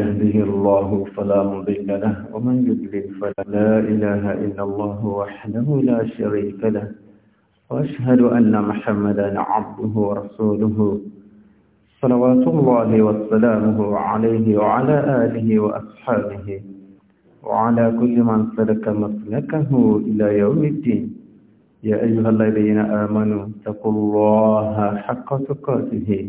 يهده الله فلا مضل له ومن يضلل فلا لا إله إلا الله وحده لا شريك له وأشهد أن محمدا عبده ورسوله صلوات الله وسلامه عليه وعلى آله وأصحابه وعلى كل من سلك مسلكه إلى يوم الدين يا أيها الذين آمنوا اتقوا الله حق تقاته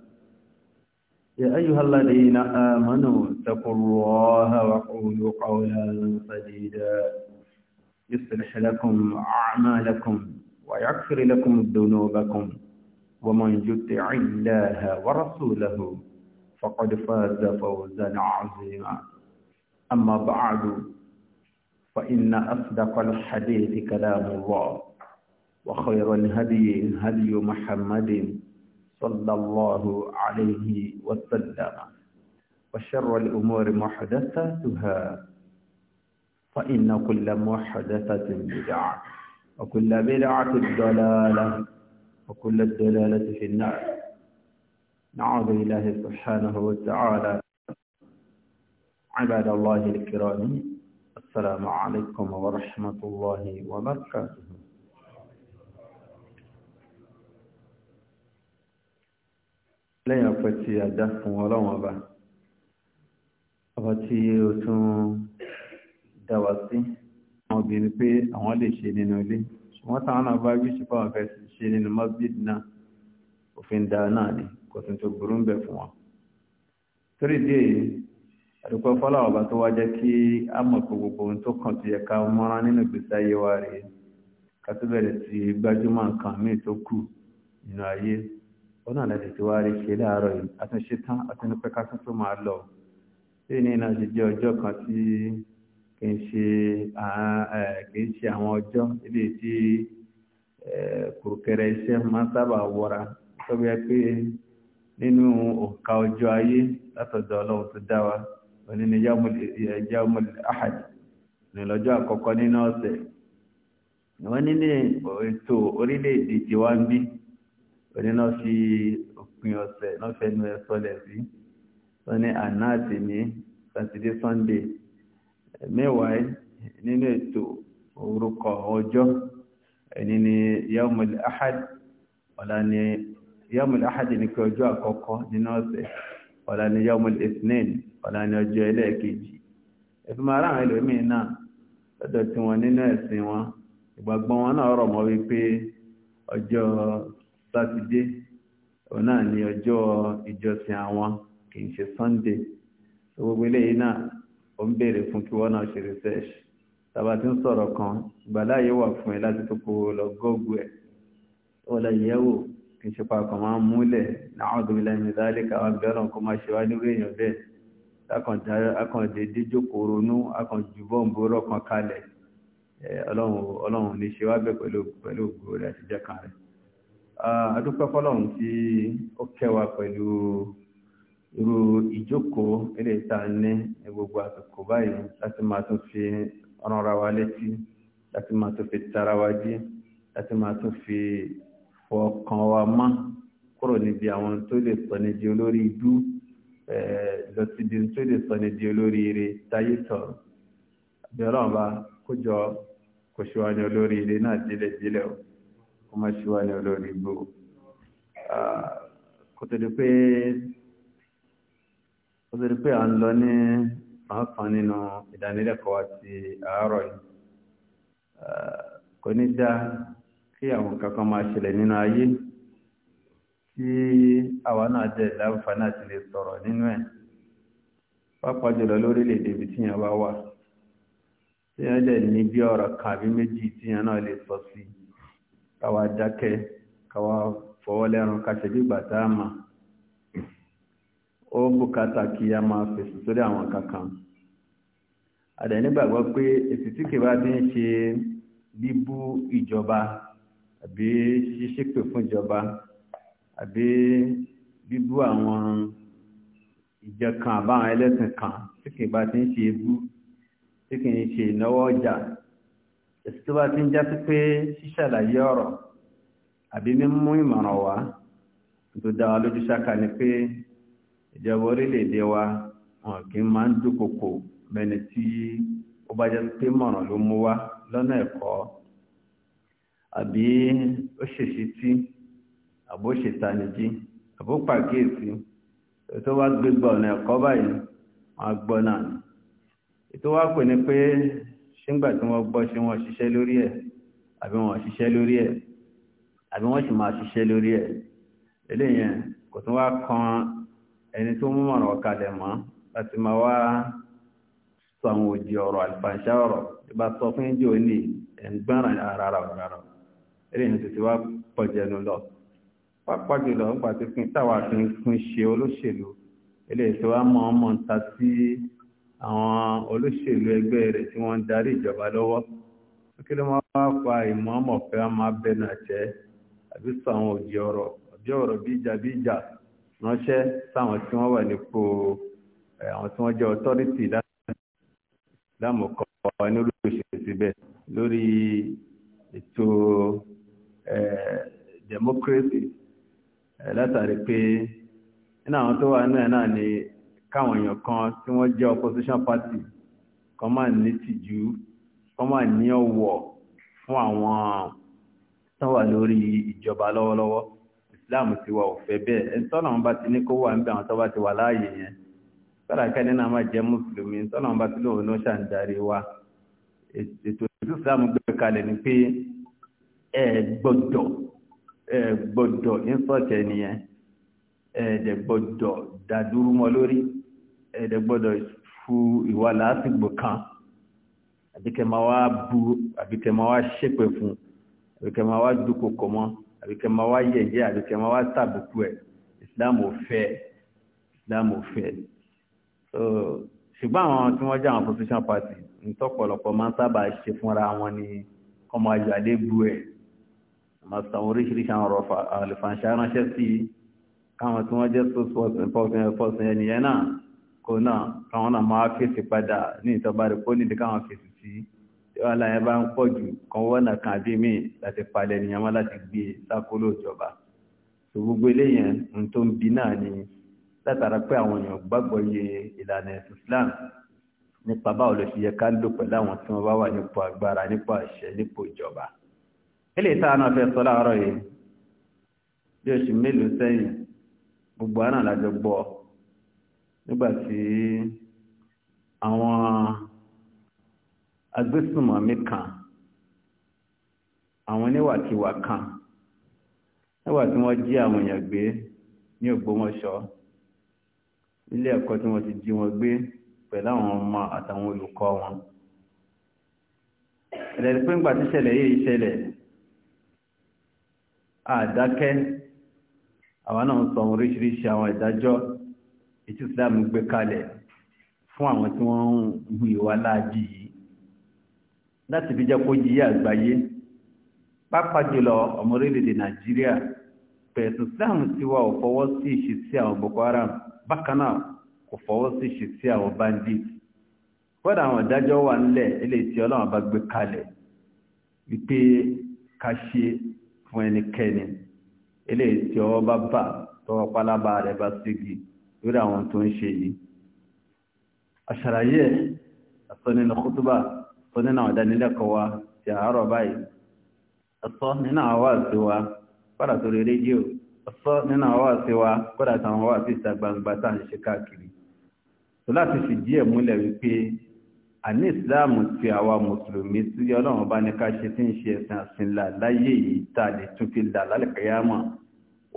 يا أيها الذين آمنوا اتقوا الله وقولوا قولا سديدا يصلح لكم أعمالكم ويغفر لكم ذنوبكم ومن يطع الله ورسوله فقد فاز فوزا عظيما أما بعد فإن أصدق الحديث كلام الله وخير الهدي هدي محمد صلى الله عليه وسلم وشر الأمور محدثاتها فإن كل محدثة بدعة وكل بدعة ضلالة وكل الدلالة في النار نعوذ بالله سبحانه وتعالى عباد الله الكرام السلام عليكم ورحمة الله وبركاته lẹ́yìn ọpẹ́ tí a dá fún ọlọ́run ọba ọba tí ó tún dá wa sí àwọn obìnrin pé àwọn lè ṣe nínú ilé ṣùgbọ́n táwọn náà bá wíṣì fáwọn fẹ́ ṣe nínú masjid náà òfin dáa náà ni kò tún tó burú ń bẹ̀ fún wọn torí ìdí èyí àdúgbò fọláwọ ọba tó wá jẹ́ kí a mọ̀ pé gbogbo ohun tó kàn tó yẹ ká mọ́ra nínú ìgbésí ayé wa rèé ká bẹ̀rẹ̀ sí gbájúmọ̀ nǹkan míì tó kù nínú ayé ona na tètè wá rí ṣe láàárọ̀ yìí àtúnṣe tán àtúnú pé ká tún tó máa lọ tí ní iná ṣe jẹ́ ọjọ́ kan tí kì í ṣe àwọn ọjọ́ ilé tí kòkẹrẹ iṣẹ́ máa sábà wọra tó bí pé nínú òǹkà ọjọ́ ayé látọ̀dọ̀ ọlọ́run tó dá wa òní ni yaumul ahad nílọ́jọ́ àkọ́kọ́ nínú ọ̀sẹ̀ wọ́n ní ní ètò orílẹ̀ òní náà fi òpin ọ̀sẹ̀ náà fẹ́ nu ẹ̀sọ́ lẹ̀ sí wọ́n ní àná àti ní sátidé sunday mẹ́wàá nínú ètò orúkọ ọjọ́ ẹni ni yaumul ahad ọ̀la ni yaumul ahad ní kí ọjọ́ àkọ́kọ́ nínú ọ̀sẹ̀ ọ̀la ni yaumul ethnain ọ̀la ni ọjọ́ ẹlẹ́ẹ̀kejì ẹ̀fí máa ráhùn ẹlòmíín náà lọ́dọ̀ tí wọ́n nínú ẹ̀sìn wọn ìgbàgbọ́ wọn náà rọ̀ mọ́ wípé ọjọ́ sátidé òun náà ni ọjọ́ ìjọsìn àwọn kì í ṣe sunday tó gbogbo eléyìí náà ó ń béèrè fún kí wọ́n náà ṣe research tàbá tí ń sọ̀rọ̀ kan ìgbàláyé wà fún ẹ láti tó kó lọ gọ́ọ̀gù ẹ̀ ó lọ kì í ṣe papọ̀ máa ń múlẹ̀ náà ọdún ilẹ̀ ní dálíkà kó máa ṣe wá nírú èèyàn bẹ́ẹ̀ jókòó ronú bọ́ǹbù kalẹ̀ ọlọ́run ní ṣe wá adúpẹ́ fọ́lọ́run tí ó kẹwàá pẹ̀lú irú ìjókòó ilé ìta ní gbogbo àsìkò báyìí láti máa tún fi ránra wa létí láti máa tún fi tara wa jí láti máa tún fi fọkàn wa mọ́ kúrò níbi àwọn tó lè sọ ní di olórí idú lọ síbi tó lè sọ ní di olórí ire táyé tọ̀rọ̀ bí ọlọ́run bá kójọ kò ṣe wá ní olórí ire náà délẹ̀délẹ̀ o kó má ṣe wá ní olórí igbó kó tó di pé kó tó di pé à ń lọ ní ọ̀kan nínú ìdánilẹ́kọ̀ọ́ àti àárọ̀ yìí kò ní dá kí àwọn kankan máa ṣẹlẹ̀ nínú ayé tí àwa náà jẹ́ ìdáǹfààní àti lè sọ̀rọ̀ nínú ẹ̀ pápá jùlọ lórílẹ̀-èdè ibi tí bá wà tí dẹ̀ ní bí ọ̀rọ̀ kan àbí méjì tí náà lè sọ sí i káwa dákẹ́ káwa fọwọ́ lẹ́rùn káṣẹ bí gbàtà àmà ó bùkátà kí a máa fèsì sórí àwọn kankan àdẹ̀ nígbàgbọ́ pé èsì tí kì bá ti ń ṣe bíbú ìjọba àbí ṣíṣépè fún ìjọba àbí bíbú àwọn ìjọ àbáwọn ẹlẹ́sìn kan tí kì ti ń ṣe ebú tí kì ṣe ìnáwó ọjà èsì tó bá ti ń já sí pé ṣíṣàlàyé ọ̀rọ̀ àbí mímú ìmọ̀ràn wá tó dá wa lójú ṣáka ni pé ìjọba orílẹ̀-èdè wa wọn kì í máa ń dúnkokò bẹni tí ó bá jẹ́ pé mọ̀ràn ló mú wá lọ́nà ẹ̀kọ́ àbí ó ṣèṣe tí àbó ṣètanijí àbó pàkíyèsí tó wá gbégbá ọ̀nà ẹ̀kọ́ báyìí wọn gbọ́ náà ètò wá pè ní pé nígbà tí wọ́n gbọ́ ṣé wọ́n ṣiṣẹ́ lórí ẹ̀ àbí wọ́n ṣiṣẹ́ lórí ẹ̀ àbí wọ́n sì máa ṣiṣẹ́ lórí ẹ̀ eléyẹn kò tún wá kan ẹni tó mú mọ̀ràn kalẹ̀ mọ́ láti máa wá sọ àwọn òjì ọ̀rọ̀ àlùfàǹṣá ọ̀rọ̀ ìbá sọ fún ẹjọ́ ní ẹ̀ǹgbọ́n ara rárá eléyẹn tó ti wá pọ̀jẹ̀nu lọ pàápàá jùlọ nígbà tí táwa fi ń ṣe olóṣèlú eléyìí tó wá mọ̀ ọmọ ń ta sí àwọn olóṣèlú ẹgbẹ́ rẹ̀ tí wọ́n ń darí ìjọba lọ́wọ́ kí ló máa wá fa ìmọ̀ọ́mọ̀ pé a máa bẹnu àtẹ́ àbí sọ àwọn òdì ọ̀rọ̀ ọjọ́ ọ̀rọ̀ bíjà bíjà ránṣẹ́ sáwọn tí wọ́n wà nípò àwọn tí wọ́n jẹ́ ọtọ́rìtì lámùkọ́ ní olóṣèlú síbẹ̀ lórí ètò democracy látàrí pé nínú àwọn tó wà náà náà ni káwọn èèyàn kan tí wọ́n jẹ́ opposition party kan máa ní tìjú kan máa ní ọ̀wọ̀ fún àwọn tó wà lórí ìjọba lọ́wọ́lọ́wọ́ Islam ti wà òfẹ́ bẹ́ẹ̀ ẹni tọ́nà wọn bá ti ní kó wà níbi àwọn tó bá ti wà láàyè yẹn sọ́dà kẹ́ni náà máa jẹ́ mùsùlùmí tọ́nà wọn bá ti lóun ló ṣàǹdarí wa ètò ìlú Islam gbé kalẹ̀ ni pé ẹ gbọ́dọ̀ ẹ gbọ́dọ̀ ń sọ̀tẹ̀ nìyẹn ẹ dẹ̀ gbọ́dọ̀ dàdúrú mọ́ lórí ẹ̀dẹ̀ gbọ́dọ̀ fu ìwà lásìgbò kan àbíkẹ́ máa wá bu àbíkẹ́ máa wá ṣépè fún àbíkẹ́ máa wá dúkokò mọ́ àbíkẹ́ máa wá yẹ̀yẹ́ àbíkẹ́ máa wá tàbùkù ẹ̀ Islam ò fẹ́ Islam ò fẹ́ ṣùgbọ́n àwọn tí wọ́n jẹ́ àwọn opposition party nítọ́pọ̀lọpọ̀ máa ń sábà ṣe fúnra wọn ni ọmọ ayọ̀ àlébu ẹ̀ máa san oríṣiríṣi àwọn ọ̀rọ̀ àlùfàǹṣà ránṣẹ́ sí káwọn tí wọ́n jẹ́ source person person ẹnìyẹn náà kò náà káwọn náà máa fèsì padà ní ìtọ́ba rẹ̀ kó nídìí káwọn fèsì sí wàhálà yẹn bá ń pọ̀ jù kan wọ́nà kan àbí míì láti palẹ̀ ènìyàn mọ́ láti gbé sákòlò ìjọba tó gbogbo eléyẹn ń tó ń bi náà ni látara pé àwọn èèyàn gbàgbọ́ iye ìlànà ẹ̀sìn Islam nípa báwo ló ṣe yẹ ká lò pẹ̀lú àwọn tí wọ́n bá wà nípò agbára nípò àṣẹ nípò ìjọba eléyìí táwọn náà fẹ́ sọ láàárọ̀ yìí bí oṣù mélòó sẹ́yìn gbogbo àná làjọ gbọ́ nígbàtí àwọn agbésùnmọ̀mí kan àwọn oníwàkiwà kan nígbà tí wọ́n jí àwọn èèyàn gbé ní Ògbómọ̀ṣọ́ ilé ẹ̀kọ́ tí wọ́n ti jí wọn gbé pẹ̀lú àwọn ọmọ àtàwọn olùkọ́ wọn ẹ̀lẹ́ni pé ńgbà tí ṣẹlẹ̀ yìí ṣẹlẹ̀ àdákẹ́ àwọn náà ń sọ oríṣiríṣi àwọn ìdájọ́ ètí islam gbé kalẹ̀ fún àwọn tí wọ́n ń hu ìwà láàjì yìí láti fi jẹ́ kó yíyá àgbáyé pàápàá jùlọ ọmọ orílẹ̀-èdè nàìjíríà pẹ̀sùn islam ti wà ò fọwọ́ sí ìṣesí àwọn boko haram bákan náà kò fọwọ́ sí ìṣesí àwọn bandit fọ́dà àwọn ìdájọ́ wà nílẹ̀ eléyìí tí ọlọ́run bá gbé kalẹ̀ wípé ká ṣe fún ẹnikẹ́ni eléyìí tí ọwọ́ bá bà tọwọ́ pálábá rẹ̀ bá ségi lórí àwọn tó ń ṣe yìí àṣàlàyé ẹ̀ àtọ́ nínú kútúbà tó nínú àwọn ìdánilẹ́kọ̀ọ́ wa ti àárọ̀ báyìí àtọ́ nínú àwọn wáàsí wa padà sórí rédíò àtọ́ nínú àwọn wáàsí wa padà táwọn wáàsí ìta gbangba tá à ń ṣe káàkiri tó láti fìdí ẹ̀ múlẹ̀ wípé àní ìsìláàmù ti àwa mùsùlùmí tí ọlọ́run bá ní ká ṣe tí ń ṣe ẹ̀sìn àsìnlá láyé yìí tá a lè tún fi là lálẹ́ kẹyàmọ̀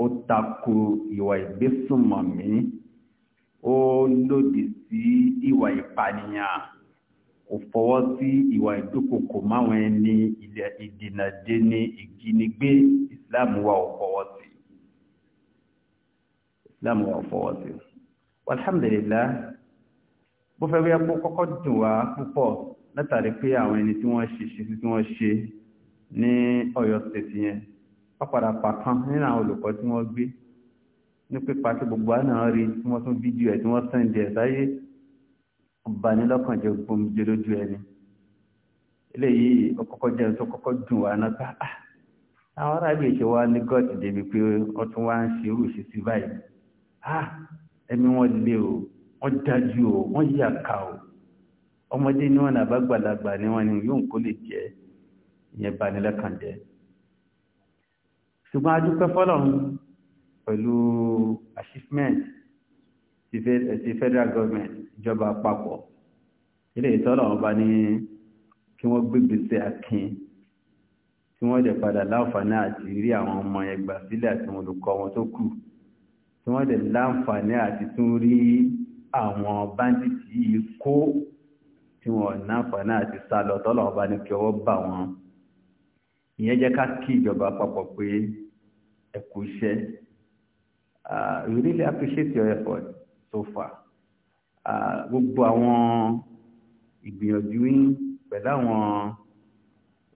ó tako ìwà ìgbésùnmọ̀mí ó lòdì sí ìwà ìpànìyàn kò fọwọ́ sí ìwà ìdúkokò máwọn ẹni ilẹ̀ ìdènàdé ní ìjínigbé islam wa ò fọwọ́ sí islam wa ò fọwọ́ sí alhamdulillah bó fẹ́ wíyá pé kọ́kọ́ dùn wá púpọ̀ látàrí pé àwọn ẹni tí wọ́n ṣe ṣe tí wọ́n ṣe ní Ọ̀yọ́ state yẹn pàkan nínú àwọn olùkọ́ tí wọ́n gbé ní pípa tí gbogbo àná rí tí wọ́n tún fídíò ẹ̀ tí wọ́n sàn jẹ́ sáyé ọ̀bánilọ́kànjẹ́ gbòmìjẹ lójú ẹni eléyìí ọkọ́kọ́ jẹ́ tó kọ́kọ́ dùn wá náà pé ah àwọn aráàlú ìṣe wa ní gọ́ọ̀tì débi pé ọtún wá ń ṣe irú ìṣesí báyìí ah ẹ̀mí wọn lé o wọ́n dájú o wọ́n yà ká o ọmọdé ni wọn nàbá gbàlagbà ni wọn ni yóò kó lè jẹ ìyẹn banilọ́kànjẹ́ ṣùgbọ́n adúpẹ́ fọlọ́run pẹ̀lú achievement ti federal government ìjọba àpapọ̀ ilé ìtọ́lọ̀ ọba ní kí wọ́n gbégbèsè akin tí wọ́n dẹ̀ padà láǹfààní àti rí àwọn ọmọ ẹgbà sílẹ̀ àti olùkọ́ wọn tó kù tí wọ́n dẹ̀ láǹfààní àti tún rí àwọn báńdíìtì yìí kó tí wọ́n náǹfààní àti sálọ tọ́lọ̀ ọba ní kí ọwọ́ bà wọ́n ìyẹn jẹ́ ká kí ìjọba àpapọ̀ pé ẹ iṣẹ́ uh, we really appreciate your effort so far uh, gbogbo àwọn ìgbìyànjú yín pẹ̀lú àwọn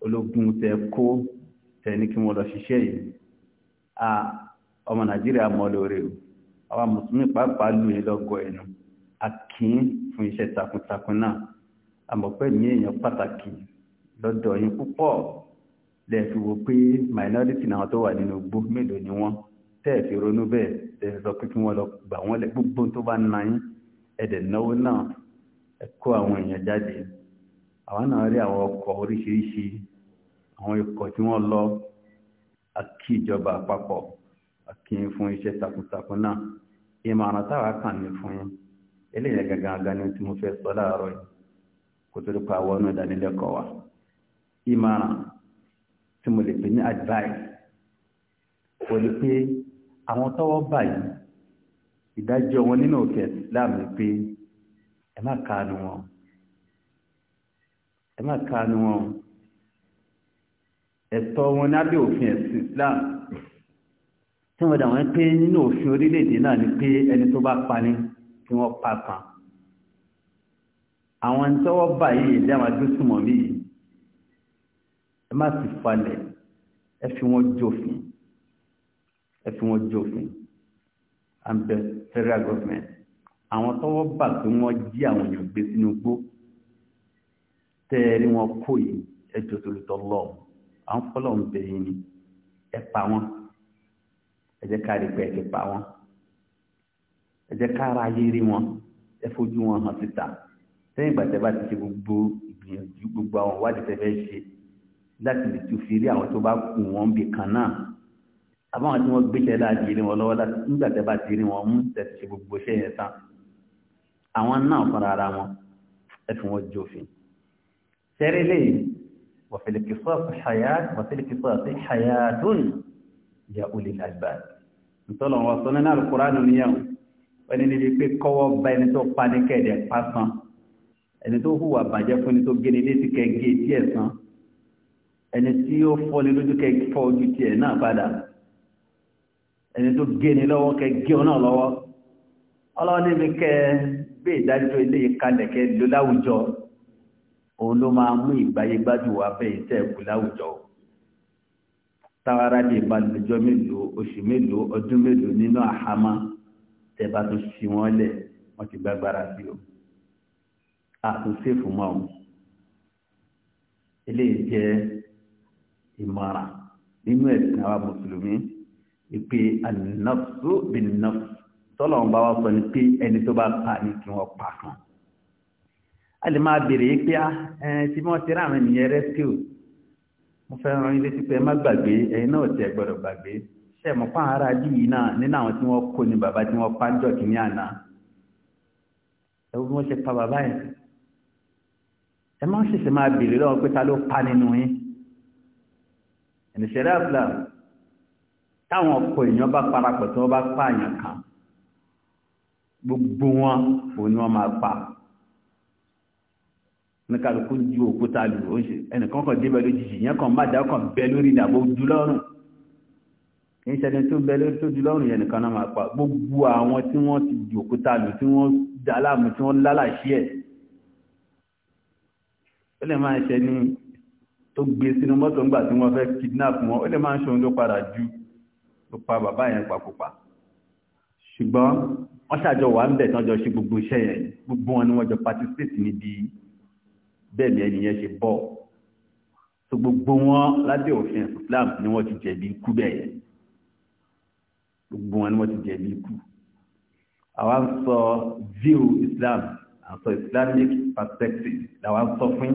ológun tẹ kó tẹ ní kí wọ́n lọ ṣiṣẹ́ yìí uh, ọmọ nàìjíríà mọ́ lóore o àwa mùsùlùmí pàápàá lù yín lọ́gọ̀ ẹ̀nu akín fún iṣẹ́ takuntakun náà àmọ̀pẹ́ ní èèyàn pàtàkì lọ́dọ̀ yín púpọ̀ lẹ́ẹ̀fi wo pé minority náà tó wà nínú gbó mélòó ni wọ́n tẹ́ẹ̀fì ronú bẹ́ẹ̀ tẹ́ẹ̀fì sọ pé kí wọ́n lọ gbà wọ́n gbogbo tó bá na yín ẹ̀dẹ̀ náwó náà ẹ kó àwọn èèyàn jáde àwọn náà rí àwọn ọkọ̀ oríṣiríṣi àwọn ikọ̀ tí wọ́n lọ akí ìjọba àpapọ̀ akí fún iṣẹ́ takuntakun náà ìmọ̀ràn táwa kàn ní fún yín eléyìí gangan ni tí mo fẹ́ sọ láàárọ̀ yìí kó tó àwọn ọ̀nà ìdánilẹ́kọ̀ọ́ wa ìmọ̀ràn pẹ̀lú pé àwọn tọ́wọ́ báyìí ìdájọ́ wọn nínú òkè láàmì pé ẹ má káànù wọn ẹ má káànù wọn ẹ̀tọ́ wọn lábẹ́ òfin ẹ̀sìn Islam tí wọ́n dàwọn pé nínú òfin orílẹ̀-èdè náà ni pé ẹni tó bá pani kí wọ́n pa kan àwọn tọ́wọ́ báyìí ìdí àwọn agbésùmọ̀mí yìí ẹ má sì falẹ̀ ẹ fi wọn jófin ẹ fi wọn jófin and federal government àwọn tọ́wọ́ bà pé wọ́n jí àwọn èèyàn gbé sínú gbó tẹ́ẹ̀rí wọn kó yìí ẹjọ́ tolutọ́ lọ àwọn fọlọ́ ń bẹ̀ yìí ni ẹ pa wọn ẹ jẹ́ ká rí pé ẹ ti pa wọn ẹ jẹ́ ká ara wọn ẹ fojú wọn hàn síta lẹ́yìn ìgbà bá ti ṣe gbogbo ìgbìyànjú gbogbo àwọn ìwádìí tẹ́ ṣe láti lè tún fi rí àwọn tó bá kù wọn bì náà àbá wọn tí wọ́n gbé ṣẹlá jírí wọn lọ́wọ́ nígbàtẹ́ bá ti rí wọn mú tẹ̀sí ṣe gbogbo ṣe yẹn tán àwọn náà fara ara wọn ẹfún wọn jófin sẹ́rí lè wọ̀fẹ̀lẹ̀kìsọ́ sí hayatun ya olè àgbà ìtọ́lọ̀ wọn sọ nínú alukùránù níyàwó wọ́n ní bí pé kọ́wọ́ bá ẹni tó pa ní kẹ́ẹ̀dẹ̀ pásán ẹni tó hùwà ẹni tó gé ni lọ́wọ́ kẹ gé ọ náà lọ́wọ́ ọlọ́wọ́ níbi kẹ bí ìdájọ́ ilé ìkalẹ̀ kẹ ló láwùjọ òun ló máa mú ìgbáyégbádùn wá bẹ́ẹ̀ tẹ́ kù láwùjọ táwárá lè ba lọ́jọ́ mélòó oṣù mélòó ọdún mélòó nínú àhámọ́ tẹ bá tó ṣí wọn lẹ̀ wọ́n ti gbágbára sí o àtúnṣe fún mọ́ ọ́n eléyìí jẹ́ ìmọ̀ràn nínú ẹ̀sìn àwa mùsùlùmí ìpè ànàfù bìnàfù tọ́lọ̀ ń bá wá sọ ní pé ẹni tó bá pa ní kí wọ́n pa kan a lè máa bèèrè yìí pé tí wọ́n ti ráàrin nìyẹn rescue mo fẹ́ ràn yín létí pé ẹ má gbàgbé ẹ̀yin náà tẹ́ gbọ́dọ̀ gbàgbé ṣe mọ̀ fún ara bí yìí náà nínú àwọn tí wọ́n kó ni bàbá tí wọ́n pa ń jọ kìíní àná ẹ bí wọ́n ṣe pa bàbá yẹn ẹ má ṣẹ̀ṣẹ̀ máa bèèrè lọ́wọ́ pé ta ló pa nínú yín ẹ̀nìṣẹ́rẹ́ táwọn ọ̀pọ̀ èèyàn bá parapọ̀ tí wọ́n bá pààyàn kan gbogbo wọn òun ni wọ́n máa pa níkàlùkù ju òkúta lù ẹnìkan kan débẹ̀ lójijì yẹn kan má dá kan bẹ lórí ìdàbò ojú lọ́rùn kì í ṣẹni tó bẹ lórí tó ju lọ́rùn yẹn nìkan náà máa pa gbogbo àwọn tí wọ́n ti ju òkúta lù tí wọ́n dá láàmú tí wọ́n lálàṣí ẹ̀ ó lè máa ṣe tó gbé sínú mọ́tò ńgbà tí wọ́n fẹ́ kidnap wọn ó lè máa ń ṣe òun padà ju tó pa bàbá yẹn pakópa ṣùgbọ́n wọ́n ṣàjọ wà ń bẹ̀ tán jọ ṣe gbogbo iṣẹ́ yẹn gbogbo wọn ni wọ́n jọ participate níbi bẹ́ẹ̀ ni ẹni yẹn ṣe bọ́ so gbogbo wọn lábẹ́ òfin Islam ni wọ́n ti jẹ̀bi ikú bẹ́ẹ̀ yẹn gbogbo wọn ni wọ́n ti jẹ̀bi ikú àwa ń sọ view Islam à ń sọ Islamic perspective làwa ń sọ fún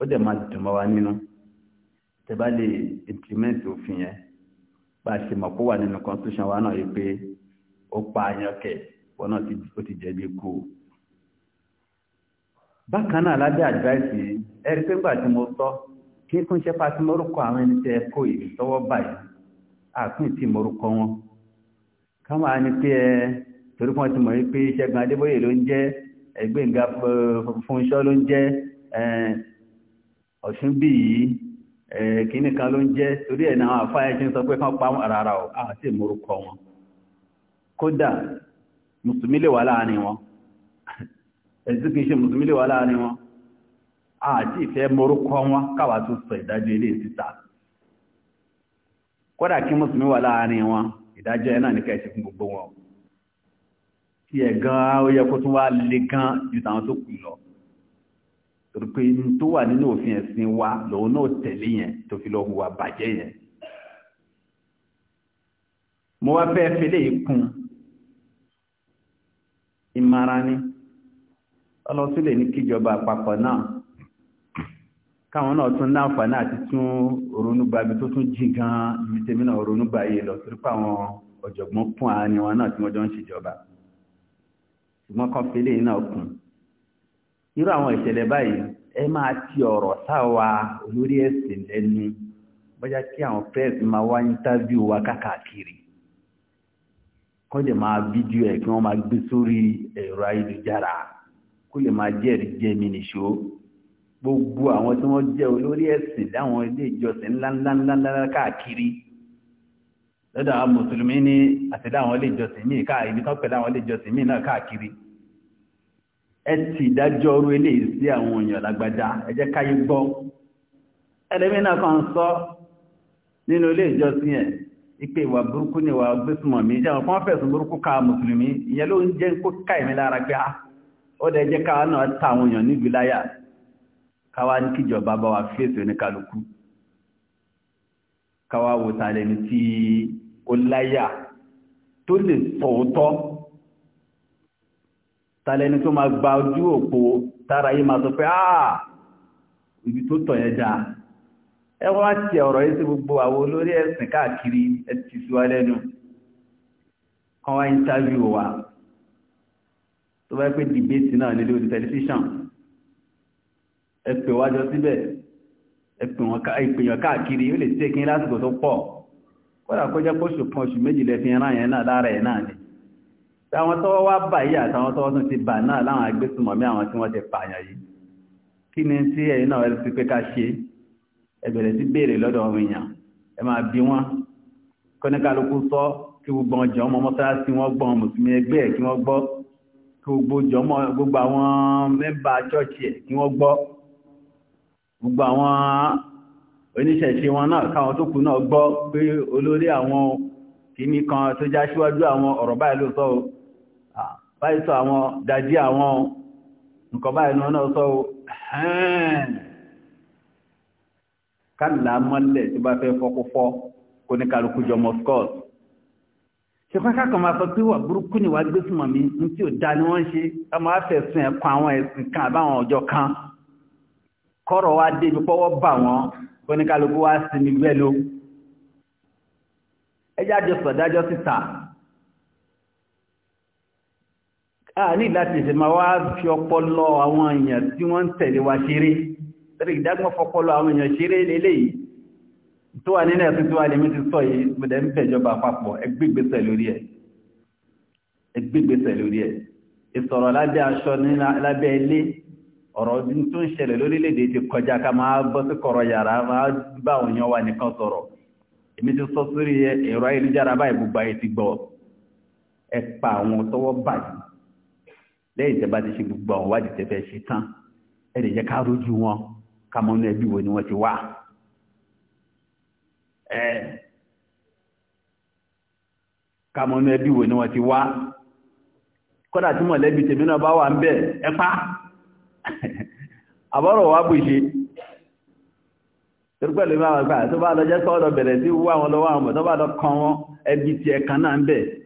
ó dẹ̀ máa dùn wa nínú tẹ́ bá lè implement òfin yẹn. bá a ṣe kó wa náà yìí pé ó pa wọn ti o. bákan náà lábẹ́ àdáìsì ẹ pé ńgbà tí mo sọ kí n ṣe pa tí mo rúkọ àwọn ẹni tẹ kó báyìí àpín tí mo rúkọ wọn ká máa pé ẹ torí kan ti mọ̀ yìí pé Ṣẹ́gun Adébóyè kíní kan ló ń jẹ́ torí ẹ̀ náà àfáyẹ tí ń sọ pé kán pa àràrà ọ̀ àti ìmúrúkọ wọn kódà mùsùlùmí lè wà láàrin wọn ẹ̀sùn kìí ṣe mùsùlùmí lè wà láàrin wọn àti ìfẹ́ morúkọ wọn káwà tó sọ ìdájọ́ ilé ìsìta kódà kí mùsùlùmí wà láàrin wọn ìdájọ́ ẹ̀ náà ní kẹ́ẹ̀ṣẹ̀ fún gbogbo wọn tí ẹ̀ gan-an ó yẹ kó tún wá le gan ju tàwọn tó kù lọ torí pé tó wà nínú òfin ẹ̀sìn wa lòun náà tẹ̀lé yẹn tó fi lọ hùwà bàjẹ́ yẹn mo wá fẹ́ fẹ́lẹ̀ ìkún ìmara ní ọlọ́sílẹ̀ ní kíjọba àpapọ̀ náà káwọn náà tún láǹfààní àti tún ronúgba ibi tó tún jìn gan ibi tèmi náà ronúgba yìí lọ torí pé àwọn ọ̀jọ̀gbọ́n kún àárín wọn náà tí wọ́n jọ ń ṣèjọba ṣùgbọ́n kan fẹ́lẹ̀ náà kún irú àwọn ìṣẹ̀lẹ̀ báyìí ẹ máa ti ọ̀rọ̀ sáwa olórí ẹ̀sìn lẹ́nu bọ́já kí àwọn press máa wá interview wa káàkiri kọ́ lè máa fídíò ẹ̀ kí wọ́n máa gbé sórí ẹ̀rọ ayélujára kó lè máa jẹ́rìí jẹ́mi nìṣó gbogbo àwọn tí wọ́n jẹ́ olórí ẹ̀sìn láwọn ilé ìjọsìn ńláńláńláńlá káàkiri lọ́dọ̀ àwọn mùsùlùmí ní àtẹ̀lé àwọn ilé ìjọsìn míì káàkiri ibi tó pẹ̀lú àwọn ilé ìjọsìn míì náà káàkiri ẹ ti ìdájọ́ orú eléyìí sí àwọn èèyàn lágbàjá ẹ jẹ́ káyé gbọ́ ẹlẹ́mìnà kan sọ nínú ilé ìjọsìn ẹ̀ ipe ìwà burúkú ni ìwà gbésùmọ̀ mi jẹ́ ọ̀pọ̀ fẹ̀sùn burúkú ka mùsùlùmí ìyẹn ló ń jẹ́ kó ká ìmí lára pé ah, ó dẹ̀ jẹ́ káwa náà ta àwọn èèyàn níbi láyà káwa ní kíjọba bá wa fèsì oníkálukú káwa wò tàlẹ́ni tí ó láyà tó lè sọ òótọ́ tàlẹni tó máa gba ojú òpó tára yí máa sọ pé àà ibi tó tọ̀ yẹn dáa ẹ wá ti ọ̀rọ̀ yìí sí gbogbo àwọn olórí ẹ̀sìn káàkiri ẹ ti lẹ́nu kan wá interview wa tó bá pé dìbéètì náà nílé orí tẹlifíṣàn ẹ pè wájọ síbẹ̀ ẹ pè yàn káàkiri ó lè tẹ́kín lásìkò tó pọ̀ kódà kó jẹ́ kóṣù kan oṣù méjìlẹ̀ fi rán yẹn náà lára ẹ̀ náà ni táwọn tọ́wọ́ wá bà yí àtàwọn tọ́wọ́ tún ti bà náà láwọn agbésùmọ̀mí àwọn tí wọ́n ti pààyàn yìí kí ni tí ẹ̀yin náà ẹ̀rọ ti pé ká ṣe ẹ bẹ̀rẹ̀ sí béèrè lọ́dọ̀ ọmọ èèyàn ẹ máa bí wọn kọ́níkàlùkù sọ kí gbogbo ọjọ́ ọmọ mọ́sálásí wọn gbọ́ mùsùlùmí ẹgbẹ́ wọ́n kí gbogbo kan tó já síwájú àwọn ọ̀rọ̀ báyìí ló sọ báyìí sọ àwọn dájí àwọn nǹkan báyìí náà sọ hàn kálà mọ́lẹ̀ tí bá fẹ́ fọ́kúfọ́ kó ní kálukú jọ moscow ṣùgbọ́n kákan máa sọ pé wà burúkú ni wà gbé súnmọ̀ mi ní tí ò dá ní wọ́n ṣe ká máa fẹ̀sùn ẹ̀kan àwọn ẹ̀sìn kan àbáwọn ọjọ́ kan kọ́rọ̀ wá dé ibi pọ́wọ́ bà wọ́n kó ní kálukú wá sí ní gbẹ́lú ẹjá jọ sọ̀dájọ́ síta a ní láti ṣe máa wá fi ọpọlọ àwọn èèyàn tí wọ́n ń tẹ̀lé wa ṣeré tẹ́lẹ̀ ìdágbọ́n fọpọlọ àwọn èèyàn ṣeré lélẹ́yìí tó wà nílẹ̀ tó tó wà ní mítí sọ yìí gbẹ̀dẹ̀ ń fẹ̀jọba àpapọ̀ ẹgbẹ́gbẹ̀sẹ̀ lórí ẹ̀ ẹgbẹ́gbẹ̀sẹ̀ lórí ẹ̀ ìsọ̀rọ̀ lábẹ́ aṣọ lábẹ́ ilé ọ̀rọ̀ tó ń ṣẹlẹ̀ lórílẹ̀-èdè ti kọjá ká máa wa nìkan lẹ́yìn tẹ́ bá ti ṣe gbogbo àwọn wádìí tẹ́ fẹ́ ṣe tán ẹ lè jẹ́ ká wọn ká mọ̀ wo ni wọ́n ti wá. ká mọ̀ ẹbí wo ni wọ́n ti wá kódà tí mọ̀lẹ́bí tèmi náà bá wà ń bẹ̀ ẹ pa àbọ̀rọ̀ wa bù ṣe torí pẹ̀lú ìmọ̀ àwọn àgbà tó bá lọ jẹ́ sọ́ọ́dọ̀ bẹ̀rẹ̀ sí wú àwọn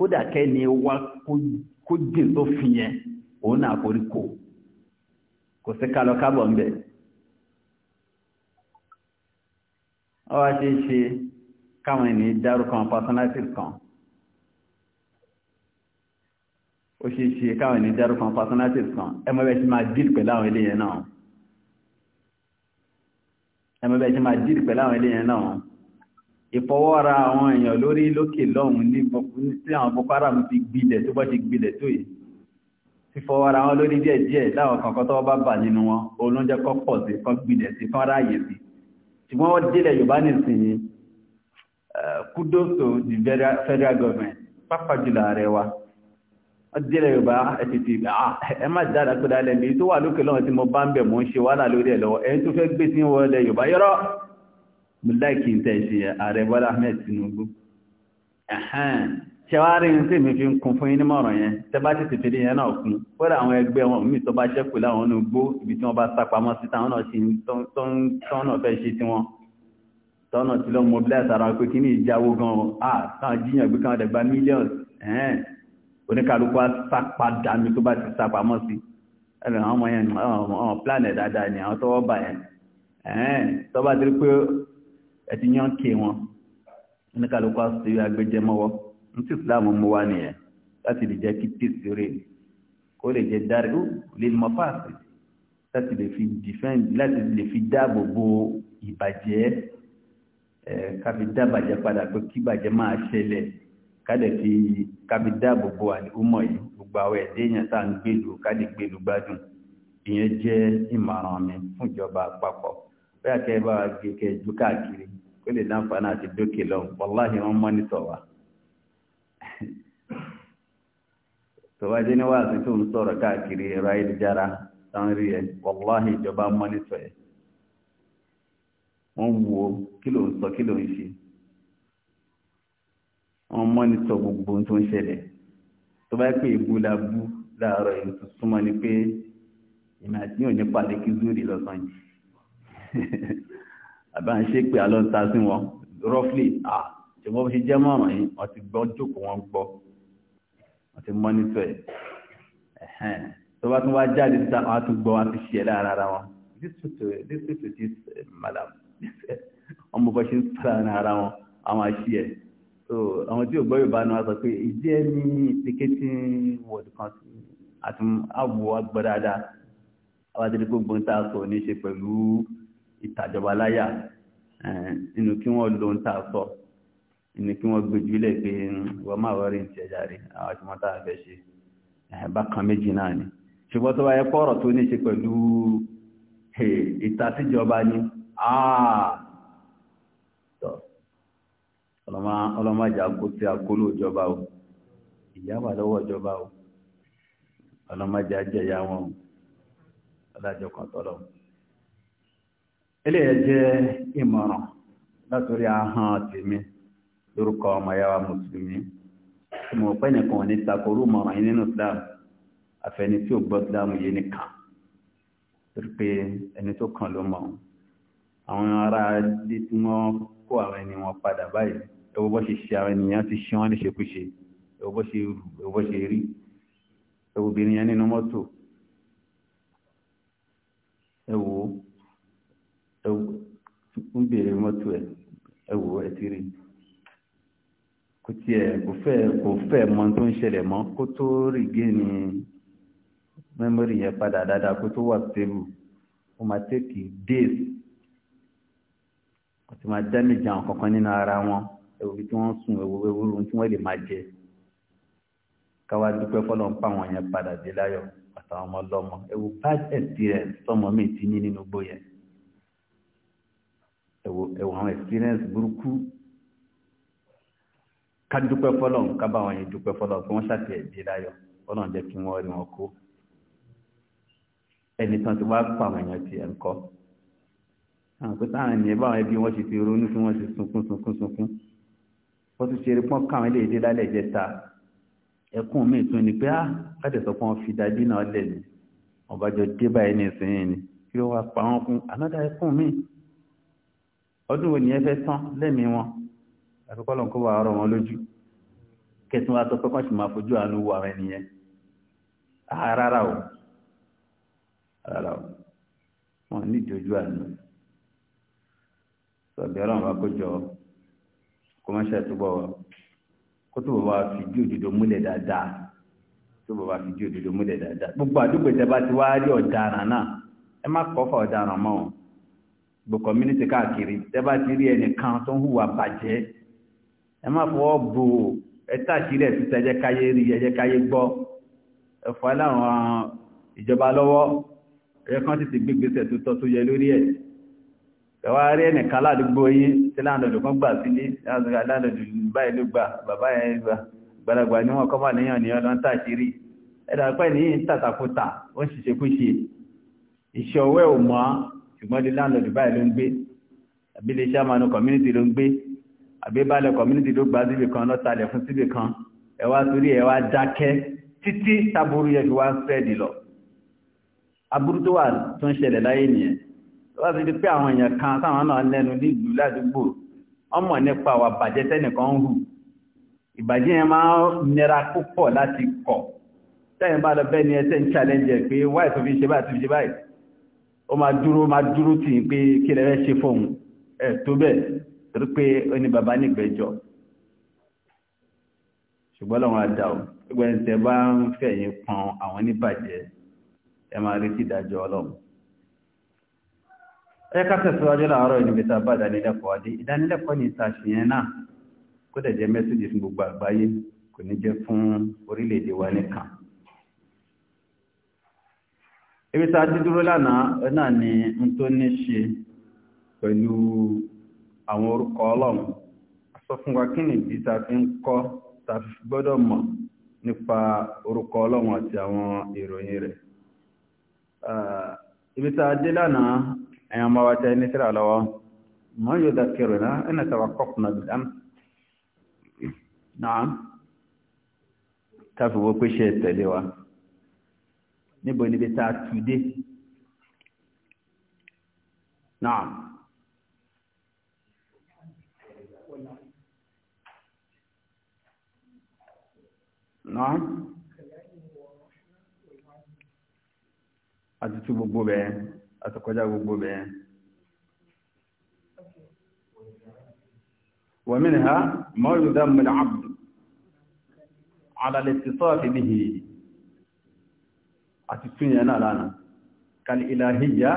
kódà kẹ́ni wá kó jìn tó fi yẹn òun náà forí kò kò sí kálọ kábọ̀ ń bẹ̀. ọ wá ṣe é ṣe káwọn ènìyàn dárúkọ àwọn personalities kan ó ṣe é ṣe káwọn ènìyàn dárúkọ àwọn kan ẹ mọ bẹ́ẹ̀ ṣe máa deal pẹ̀lú àwọn eléyẹn náà ẹ mọ bẹ́ẹ̀ ṣe máa deal pẹ̀lú àwọn eléyẹn náà ìfọwọ́ra àwọn èèyàn lórí lókè lọ́hùn ní tí àwọn Boko Haram ti gbilẹ̀ tó bá ti gbilẹ̀ tó yìí fífọwọ́ra wọn lórí díẹ̀ díẹ̀ láwọn kankan tó bá bà nínú wọn olóúnjẹ́ kọ́ pọ̀ sí kan gbilẹ̀ sí kan ráàyè sí to the government pápá jùlọ ààrẹ wa wọ́n délẹ̀ Yorùbá ẹ ti ti ẹ má dára kó dalẹ̀ mi tó wà lókè lọ́wọ́ tí mo láìkí tẹ́ ṣe ààrẹ Bọ́lá Ahmed Tinubu ẹ̀hẹ́n ṣẹwárí ní tí mi fi ń kún fún yín nímọ̀ràn yẹn tẹ́ bá ti ti fi lè yẹn náà kún fọ́dà àwọn ẹgbẹ́ wọn mí tó bá ṣẹ́kù láwọn ní gbó ibi tí wọ́n bá sápamọ́ sí táwọn náà ṣe tọ́nà fẹ́ ṣe tí wọ́n tọ́nà tí lọ mobilize ara pé kí ní ìjáwó gan ah táwọn jíyàn gbé káwọn dẹ̀gbá millions ẹ̀hẹ́n oníkàlùkù á sápadà mi tó bá ti sápamọ́ sí ẹ̀rọ àwọn ọmọ yẹn plan ẹ̀ dáadáa ni àwọn tọ́wọ́ bà yẹn ẹ̀hẹ́n tọ́ ti rí pé ẹ̀tí yán kí wọn ní kálukọ́ sí agbẹjẹmọ́wọ́ ní tí ìsìláàmù mú wá nìyẹn láti lè jẹ́ kí pèsè rẹ̀ kó lè jẹ́ dárí ó lè mọ fáàsì láti lè fi defend láti lè fi dáàbò bo ìbàjẹ́ ẹ̀ káfi dábàjẹ́ padà pé kí ìbàjẹ́ máa ṣẹlẹ̀ kádẹ fi kábi dáàbò bo àdìgúnmọ̀ yìí gbogbo àwọn ẹ̀dẹ́ èèyàn tá à ń gbèlú kádẹ gbèlú gbádùn ìyẹn jẹ́ ìmọ̀ràn mi fún ìjọba àpapọ̀ bẹ́ẹ̀ kẹ́ bá gé kẹ́ ju káàkiri ó lè láǹfààní àti dókè lọ wàláhì wọn mọ́nítọ̀ wa tọ́wájú ní wàásù tó ń sọ̀rọ̀ káàkiri ẹ̀rọ ayélujára tán rí ẹ wàláhì ìjọba mọ́nítọ̀ ẹ wọ́n wo kí ló ń sọ kí ló ń ṣe wọ́n mọ́nítọ̀ gbogbo tó ń ṣẹlẹ̀ tó bá pè é bú la bú láàárọ̀ yìí tó súnmọ́ ni pé ìmọ̀ àti yóò ní pàdé kí zúrì lọ́sàn yìí. àbá ń ṣe pé alọ́ta sí wọn roughly ah ṣe wọ́n ṣe jẹ́ mọ́ràn yìí wọ́n ti gbọ́ jókòó wọn gbọ́ wọ́n ti mọ́nítọ̀ ẹ̀ tó bá tún wá jáde síta wọn á tún gbọ́ wọn á ti ṣe ẹ̀ lára ara wọn this to this to this eh, madam ọmọ bọ́ ṣe ń sára ara wọn àwọn àṣì ẹ̀ so àwọn tí ò gbọ́ Yorùbá ni wọ́n sọ pé ìjẹ́ ní ticketing word kan àti àwọ̀ agbọ́dáadáa àwọn àti gbogbo ń ta sọ ní ṣe pẹ̀lú ìtàjọba láyà inú kí wọ́n lo ń tà sọ inú kí wọ́n gbójú ilẹ̀ pé hmm, wọ́n máa wọ́n rí ní ti ẹja rí àwọn tí wọ́n tà fẹ́ ṣe bákan méjì náà ni ṣùgbọ́n tó bá yẹ pọ̀rọ̀ tó ní ṣe pẹ̀lú ìtàsíjọba ni ọlọ́mọjà kó sí akóló ìjọba o ìyá wà lọ́wọ́ ìjọba o ọlọ́mọjà jẹ̀yà wọn o ọlájọ kan tọ́lọ́wọ́ eléyẹ jẹ́ ìmọ̀ràn látòrí ahọ́n tèmi lórúkọ ọmọ yàwá mùsùlùmí tí mo pẹ́ nìkan ò ní takoru mọ̀ràn yìí nínú islam àfẹni tí ò gbọ́ islam yìí nìkan torí pé ẹni tó kàn ló mọ̀ àwọn ará dé tí wọ́n kó àwọn ẹni wọn padà báyìí ẹwọ́ bọ́ ṣe ṣe àwọn ènìyàn ti ṣe wọ́n ní ṣekúṣe ẹwọ́ bọ́ ṣe rù ẹwọ́ bọ́ ṣe rí ẹwọ́ obìnrin yẹn nínú mọ́tò ẹwọ́ ń bèèrè mọ́tò ẹ̀ ẹ̀wò ẹ̀ ti rí kò tiẹ̀ kò fẹ́ kò fẹ́ mọ tó ń ṣẹlẹ̀ mọ́ kó tó rí géènì mẹ́mórì yẹn padà dáadáa kó tó wà stable ó máa tẹ́kì days kò ti máa damage àwọn kankan nínú ara wọn ẹ̀wò bí tí wọ́n sùn ẹ̀wò ẹ̀wò ohun tí wọ́n lè máa jẹ káwá dúpẹ́ fọlọ́ ń pa àwọn yẹn padà dé láyọ̀ àtàwọn ọmọ ọlọ́mọ ẹ̀wò bad experience tọmọ mi ti ní nínú gbó yẹn ẹ̀wọ̀n àwọn experience burúkú ká dúpẹ́ fọ́lọ̀ ká bá wọn yẹn dúpẹ́ fọ́lọ̀ kí wọ́n ṣàtì ẹ̀dí láyọ̀ fọ́lọ̀ jẹ́ kí wọ́n rí wọn kó ẹni tán ti wá pa àwọn èèyàn ti ẹ̀ ń kọ́ àwọn pé táwọn ènìyàn báwọn ẹbí wọn ṣe ti ronú tí wọ́n ṣe sunkún sunkún sunkún wọ́n tún ṣe eré pọ́n káwọn ilé èdè lálẹ́ jẹta ẹkún míì tún ni pé á ah, kájẹ̀ sọ pé wọ́n fi dájú náà lẹ̀ ní ọ̀bájọ́ dé báyìí ní ìsinyìí ni kí ló wá pa wọn fún anọ́dá ẹkún míì ọdún wo ni ẹ fẹ́ tán lẹ́mí wọn àfikọ́lọ̀ kó wà ọ̀rọ̀ wọn lójú kẹsùn wa sọ pé kọ́ṣì máa fojú àánú wo àwọn ènìyàn ah, rárá o rárá o wọn ní ìdójú àánú sọ̀bí ọlọ́run wa kó jọ kó má ṣàtúbọ̀ kó tó bọ̀ wá fìdí òdodo múlẹ̀ dáadáa tó bọ̀ wá fìdí òdodo múlẹ̀ dáadáa gbogbo àdúgbò ìjọba ti wá rí ọ̀daràn náà ẹ má kọ́ fà ọ̀daràn mọ́ wọn gbò community káàkiri tẹ́bá ti rí ẹnìkan tó ń hùwà bàjẹ́ ẹ má fọwọ́ bò ẹ tàṣírí ẹ̀ títẹ́ ẹjẹ́ káyé rí ẹjẹ́ káyé gbọ́ ẹ̀fọ́ aláwọn ìjọba lọ́wọ́ ẹ̀yẹ kan ti ti gbégbèsè tó tọ́ tó yẹ lórí ẹ̀ ẹ̀wá rí ẹnìkan ládùúgbò yín tí láńdọ̀dù kan gbà sílé láńdọ̀dù báyìí ló gbà bàbá yẹn gbà gbàlagbà ni wọn kọ́ wà níyàn ní ọdún tàṣírí ẹ̀dà pẹ́ ní tàtàkùtà ó ń ṣiṣẹ́ kúṣe ìṣọ̀wẹ́ ò ṣùgbọ́n lè láńlọ́dù báyìí ló ń gbé àbí lè ṣàmánú community ló ń gbé àbí balẹ̀ community ló gbá síbì kan lọ́talẹ̀ fún síbì kan ẹ wá torí ẹ wá dákẹ́ títí taburú yẹ fi wá sẹ́ẹ̀dì lọ aburú tó wà tó ń ṣẹlẹ̀ láyé nìyẹn tó wá sí ti pé àwọn èèyàn kan táwọn náà lẹ́nu nílùú ládùúgbò ọmọ nípa wà bàjẹ́ tẹ́nìkan ń hù ìbàjẹ́ yẹn máa ń nira púpọ̀ láti kọ̀ tẹ́yìn bá lọ bẹ́ẹ̀ ni ẹ challenge ẹ pé wáyé tó fi ṣe báyìí tó fi ó máa dúró máa dúró tì í pé kí lẹ́rẹ́ ṣe fóun ẹ̀ tó bẹ́ẹ̀ torí pé ó ní bàbá ṣùgbọ́n lọ́wọ́n adá o gbogbo ẹni tẹ́ bá ń fẹ̀yìn pọn àwọn oníbàjẹ́ ẹ máa retí ìdájọ́ ọlọ́run ẹ ká tẹ̀síwájú láàárọ̀ níbi tá a bá ìdánilẹ́kọ̀ọ́ adé ìdánilẹ́kọ̀ọ́ ní ìta ṣìyẹn náà kó dẹ̀ jẹ́ mẹ́síjì fún gbogbo àgbáyé kò ní jẹ́ fún orílẹ̀-èdè wa nìkan ibi tá ti dúró lánàá ẹ̀nà ni n tó ní ṣe pẹ̀lú àwọn orúkọ ọlọ́run sọ fún wa kí ta fi ń kọ́ ta fi gbọ́dọ̀ mọ̀ nípa orúkọ ọlọ́run àti àwọn ìròyìn rẹ̀ ibi tá dé lánàá ẹ̀yàn máa wá ní lọ́wọ́ mọ́ yóò kẹrù náà ẹ̀nà tàwa kọ́pù náà fi ṣe tẹ̀lé níbo níbi tá a tù dé náà náà a ti tú gbogbo bẹ́ẹ̀ a ti kọjá gbogbo bẹ́ẹ̀. ومنها ما يذم العبد على الاتصاف به àti túnyẹ̀ náà lánàá kalilahiyya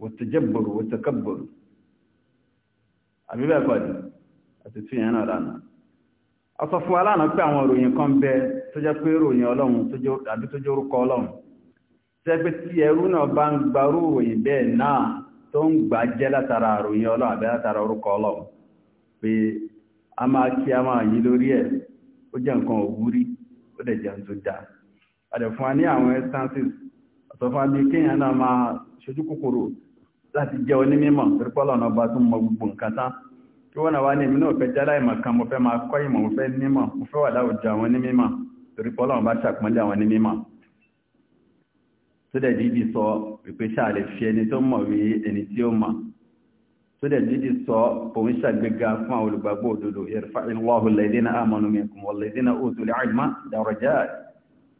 wàtàjẹ́bọ̀rọ̀ wàtàkàbọ̀rọ̀ àbíbẹ̀ pàdé àti túnyẹ̀ náà lánàá a sọ fún wa lánàá pé àwọn ìròyìn kan bẹ tó jẹ́ pé ìròyìn ọlọ́run àbí tó jẹ́ orúkọ ọlọ́run tẹ́ pé tí ẹrú náà bá ń gbarú ìròyìn bẹ́ẹ̀ náà tó ń gbà jẹ́ látara ìròyìn ọlọ́run àbí látara orúkọ ọlọ́run pé a máa kí a máa yí lórí ẹ̀ ó jẹ́ nǹkan òwúrí ó dẹ̀ jẹun tó dáa àdẹ̀fún a ní àwọn instances ọ̀sọ̀fún àbí kíyàn náà máa ṣojú kòkòrò láti jẹ́ onímọ̀ torípọ́lọ̀ náà bá tún mọ gbogbo nǹkan tán kí wọ́n náà wá ní èmi náà fẹ́ jálá ìmọ̀ kan mo fẹ́ máa kọ́ ìmọ̀ mo fẹ́ nímọ̀ mo fẹ́ wà láwùjọ àwọn onímọ̀ torípọ́lọ̀ bá ṣàpọ́nlé àwọn onímọ̀ tó dẹ̀ dídì sọ wípé ṣáà fi ẹni tó mọ̀ wí ẹni tí ó mọ̀ tó dẹ̀ dídì sọ òun ṣàgbéga fún àwọn olùgbàgbọ́ òdodo yarfa'illahu alladhina amanu minkum walladhina utul ilma darajat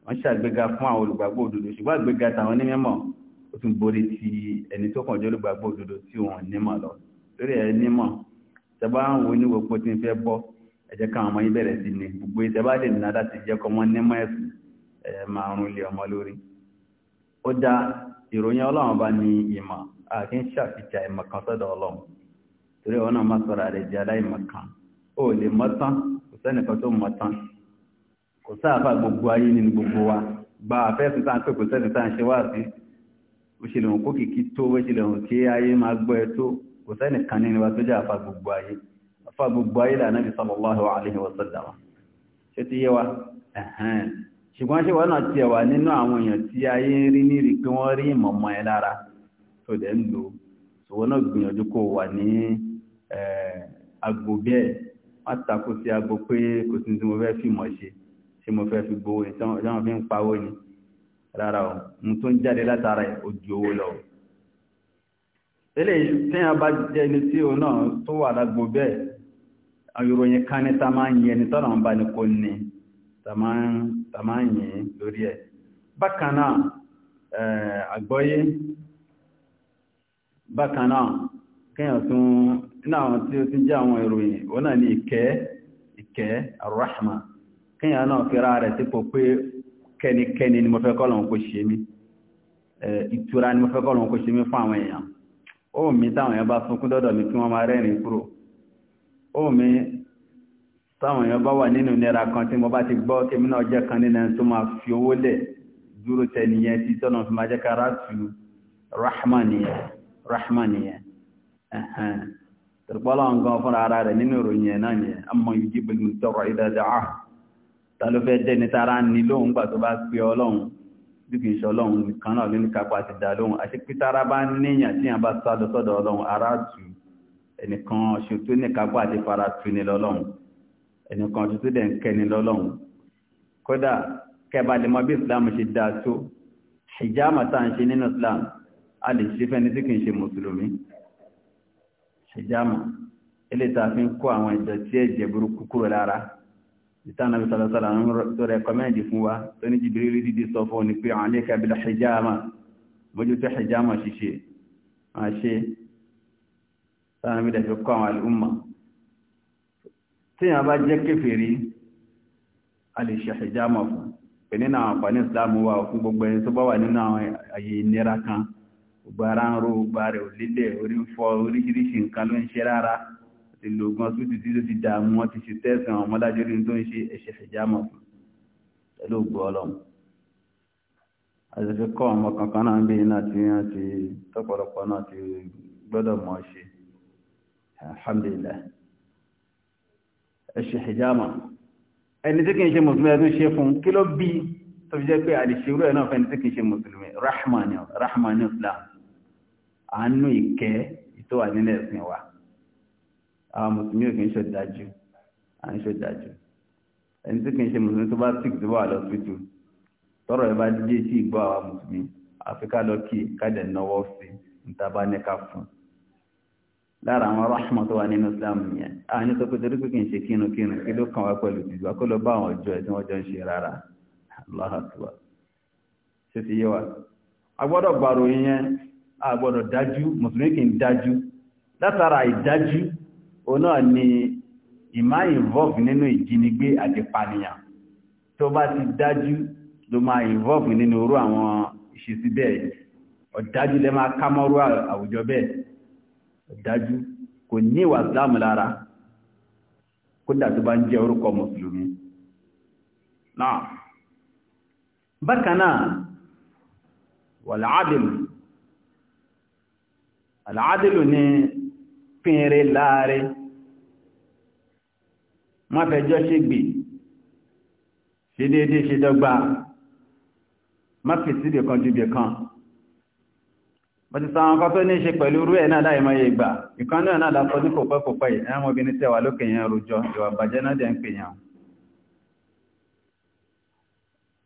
wọ́n ṣàgbéga fún àwọn olùgbàgbọ́ òdodo ṣùgbọ́n àgbéga tàwọn onímọ̀ ó tún borí ti ẹni tó kàn jẹ́ olùgbàgbọ́ òdodo tí wọ́n nímọ̀ lọ lórí ẹ̀ nímọ̀ tẹ́bá ń wo níwò ń fẹ́ bọ́ ẹ káwọn ọmọ yín bẹ̀rẹ̀ sí ni gbogbo ìtẹ́bá lè ní láti jẹ́ kọmọ nímọ̀ ẹ̀sìn ẹ̀ máa rún ilé ọmọ lórí ó dá ìròyìn ọlọ́run bá ní ìmọ̀ àti ń ṣàfihàn ìmọ̀ kan sọ́dọ̀ ọlọ́run torí ọ̀nà má sọ̀rọ̀ àrẹ̀jẹ̀ aláìmọ̀ kan ó lè mọ̀ tán kò sẹ́nìkan tó mọ̀ tán kò sáàfà gbogbo ayé nínú gbogbo wa gba àfẹ́sùn tá ń pè kò sẹ́sùn tá ń ṣe wá sí ó ṣe lòun kó kìkí tó ó ṣe lòun kí ayé máa gbọ́ ẹ tó kò sẹ́nì kan nínú wa tó jẹ́ àfà gbogbo ayé àfà gbogbo ayé lànà bí wa ṣé ti yé wa ṣùgbọ́n ṣé wọ́n náà tiẹ̀ wà nínú àwọn èèyàn tí ayé ń rí nírì pé wọ́n rí ìmọ̀mọ́ ẹ lára tó dẹ̀ ń lò náà gbìyànjú kó wà ní agbo bẹ́ẹ̀ takò sí agbo pé tí mo fẹ́ fi gbowó ní táwọn fi ń pawó ni rárá o mo tó ń jáde látara ojú owó lọ. eléyìí téèyàn bá jẹ́ ẹni tí òun náà tó wà lágbo bẹ́ẹ̀ ìròyìn kan ní ta máa ń yẹ ni tọ́lọ̀ ń bá ní kó ní ta máa ń yẹ lórí ẹ̀. bákan náà eh, àgbọ́yé bákan náà kéèyàn tún ní tí ó ti jẹ́ àwọn ìròyìn òun náà ní ìkẹ́ ìkẹ́ arahman kíyàn náà fira rẹ̀ sípò pé kẹnikẹni ni mo fẹ́ kò ṣe mí ìtura ni mo fẹ́ kò ṣe mí fún àwọn èèyàn ó mi táwọn èèyàn bá sunkún dọ́dọ̀ mi kí wọ́n máa rẹ́rìn kúrò ó mi táwọn èèyàn bá wà nínú nira kan tí mo bá ti gbọ́ kí mi náà jẹ́ kan nínú ẹni tó ta ló fẹ́ jẹ́ ní tara ní lóhun gbà tó bá pé ọlọ́run bí kìí ṣe ọlọ́run nìkan náà ló ní kápá ti dá lóhun àti pé tara bá níyàn tí yàn bá sálọ sọ́dọ̀ ọlọ́run ara tù ẹnìkan ṣe ní kápá àti fara tù ní lọ́lọ́run ẹnìkan ṣe dẹ̀ ń kẹ́ ní lọ́lọ́run kódà kẹba lè mọ bí islam ṣe dá tó hijama tá ń ṣe nínú islam a lè ṣe fẹ́ni tí kìí ṣe mùsùlùmí hijama ilé ta fi ń kó àwọn ìdọ̀tí ẹ̀jẹ̀ burúkú kúrò lára ìtànà ìsàlọ̀sàlà tó rẹ̀kọ́mẹ́ndì fún wa tó ní jìbìrìlì dìde sọ fún ní pé àlékà bí hijama mójú tó hijama ṣíṣe àṣẹ sáà mídẹ̀ fi kọ́ àwọn al'umma tí yàn bá jẹ́ kéfèrí a lè ṣe hijama fún pé nínú àwọn àǹfààní ìsìlámù wa fún gbogbo ẹni tó bá wà nínú àwọn àyè ìnira kan gbogbo ara ń ro gbogbo rẹ̀ òlélẹ̀ orí ń fọ́ oríṣiríṣi nǹkan ló ń ṣe rárá ìlò ogun ọsibítù tí ó ti dààmú wọn ti ṣe tẹ́sán àwọn ọmọdájú ní tó ń ṣe ẹ̀ṣẹ̀ ìjámọ̀ fún pẹ̀lú ògbó ọlọ́run àṣẹṣe kọ́ ọmọ kankan náà ń bí iná tí wọ́n ti tọ́pọ̀lọpọ̀ náà ti gbọ́dọ̀ mọ̀ ṣe alhamdulillah ẹ̀ṣẹ̀ ìjámọ̀ ẹni tí kìí ṣe mùsùlùmí ẹ̀dún ṣe fún kí ló bí tó fi jẹ́ pé àdìṣirú ẹ̀ náà fẹ́ni tí kìí ṣe mùsùlùmí rahman rahman islam àánú ìkẹ́ ìtọ́wà nílẹ̀ ẹ̀sìn wa àwọn mùsùlùmí ò kì í ṣọ̀dájú à ń ṣọ̀dájú ẹni tí kì í ṣe mùsùlùmí tó bá tó wà lọ tútù tọrọ ẹ bá díje sí ìgbọ́ àwọn mùsùlùmí àfikà lọ kí kájẹ náwó sí níta bá ní ká fún lára àwọn tó wà nínú islam yẹn àwọn tó kì ṣe kí ló kàn wá tìjú bá àwọn wa gbàrò yẹn dájú mùsùlùmí kì dájú látara ìdájú òun ni ìmá involve nínú ìjínigbé àti pànìyàn tó bá ti dájú ló máa involve nínú orú àwọn ìṣesí bẹ́ẹ̀ ọ̀dájú lẹ́ máa kámọ́rú àwùjọ bẹ́ẹ̀ ọ̀dájú kò ní ìwà Islam lára kódà tó bá ń jẹ́ orúkọ mùsùlùmí náà bákan náà wàlàádìlù àlàádìlù ni fínre láàrin má fẹjọ́ ṣe gbè ṣe déédéé ṣe dọ́gba má fi síbì kan jùbì kan bọ́tí sáwọn kan tó ní ṣe pẹ̀lú rú ẹ̀ náà láì mọ́ ìgbà ìkan náà náà lásọ ní kòpẹ́ kòpẹ́ ẹ̀wọ̀n obìnrin tẹ́ wà lókè yẹn rojọ́ ìwà bàjẹ́ náà dẹ̀ ń pè yàn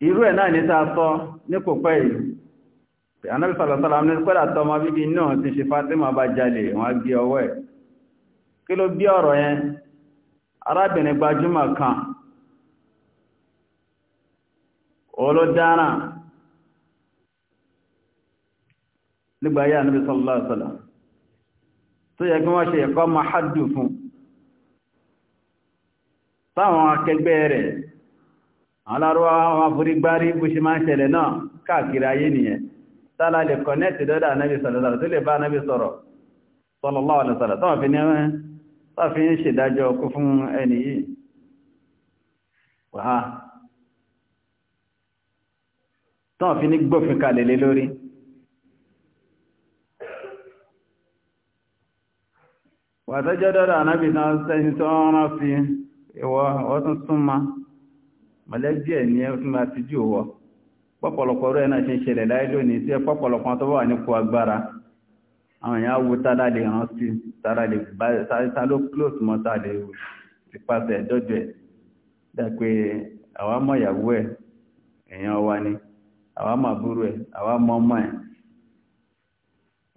irú ẹ̀ náà ní sáà sọ ní kòpẹ́ yìí anábìsọ̀lọ̀sọ̀lọ̀ kí ló bí ọ̀rọ̀ yẹn arábìnrin gbajúmọ̀ kan olódára nígbàáyà níbi sallallahu alaihi wasallam tó yẹ kí wọ́n ṣe ẹ̀kọ́ ma hajjú fún táwọn akẹgbẹ́ rẹ̀ alárúwá wọn fúrí gbárí bú ṣe máa ń ṣẹlẹ̀ náà káàkiri ayé nìyẹn tálà lè kọ̀nẹ́tì dọ́dà náà bí sọ̀rọ̀ tó lè bá náà bí sọ̀rọ̀ sallallahu alaihi wasallam láfi ń ṣèdájọ́ ọkú fún ẹni yìí wàá tán fi ní gbófin kalẹ̀ lé lórí wàtọ́jọ́ dọ́dọ̀ ànábì náà sẹ́ni tó rán sí ìwọ ọtún súnmọ́ mọ̀lẹ́bí ẹ̀ ní ẹ̀sùn àtijú wọ pọ́pọ̀lọpọ̀ rẹ̀ náà ṣe ń ṣẹlẹ̀ láìlónìí tí ẹ pọ́pọ̀lọpọ̀ tó wà nípò agbára àwọn èèyàn wo tálá lè rán sí lè bá tá ló close mọ́ tá lè pípasẹ̀ dọ́jọ́ ẹ̀ dápé àwa mọ̀ ìyàwó ẹ̀ èèyàn wa ni àwa mọ̀ àbúrò ẹ̀ àwa mọ̀ ọmọ ẹ̀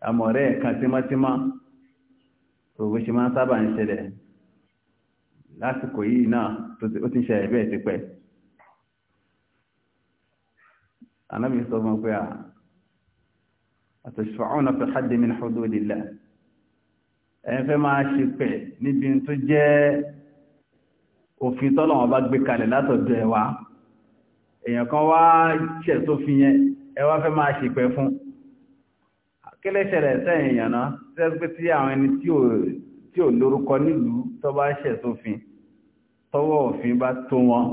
àmọ̀rẹ́ ẹ̀ kan tímọ́tímọ́ òwe ṣe máa ń sábà ń ṣẹlẹ̀ lásìkò yìí náà ó ti ń ṣẹlẹ̀ bẹ́ẹ̀ ti pẹ́ anábì sọ fún pé à àtòṣìfàáhùn fi hàdì min hududillah ẹ̀yìn fẹ́ máa ṣe pẹ̀ níbi tó jẹ́ òfin tọ́lọ̀wọ́n bá gbé kalẹ̀ látọ̀dọ̀ ẹwà èèyàn kan wá ṣẹ̀ tó fi yẹn ẹwà fẹ́ máa ṣe pẹ̀ fún kílẹ̀ṣẹ̀lẹ̀ sẹ́yìn èèyàn náà tẹ́sí tí àwọn ẹni tí ò lórúkọ nílùú tó bá ṣẹ̀ sófin tọ́wọ́ òfin bá tó wọn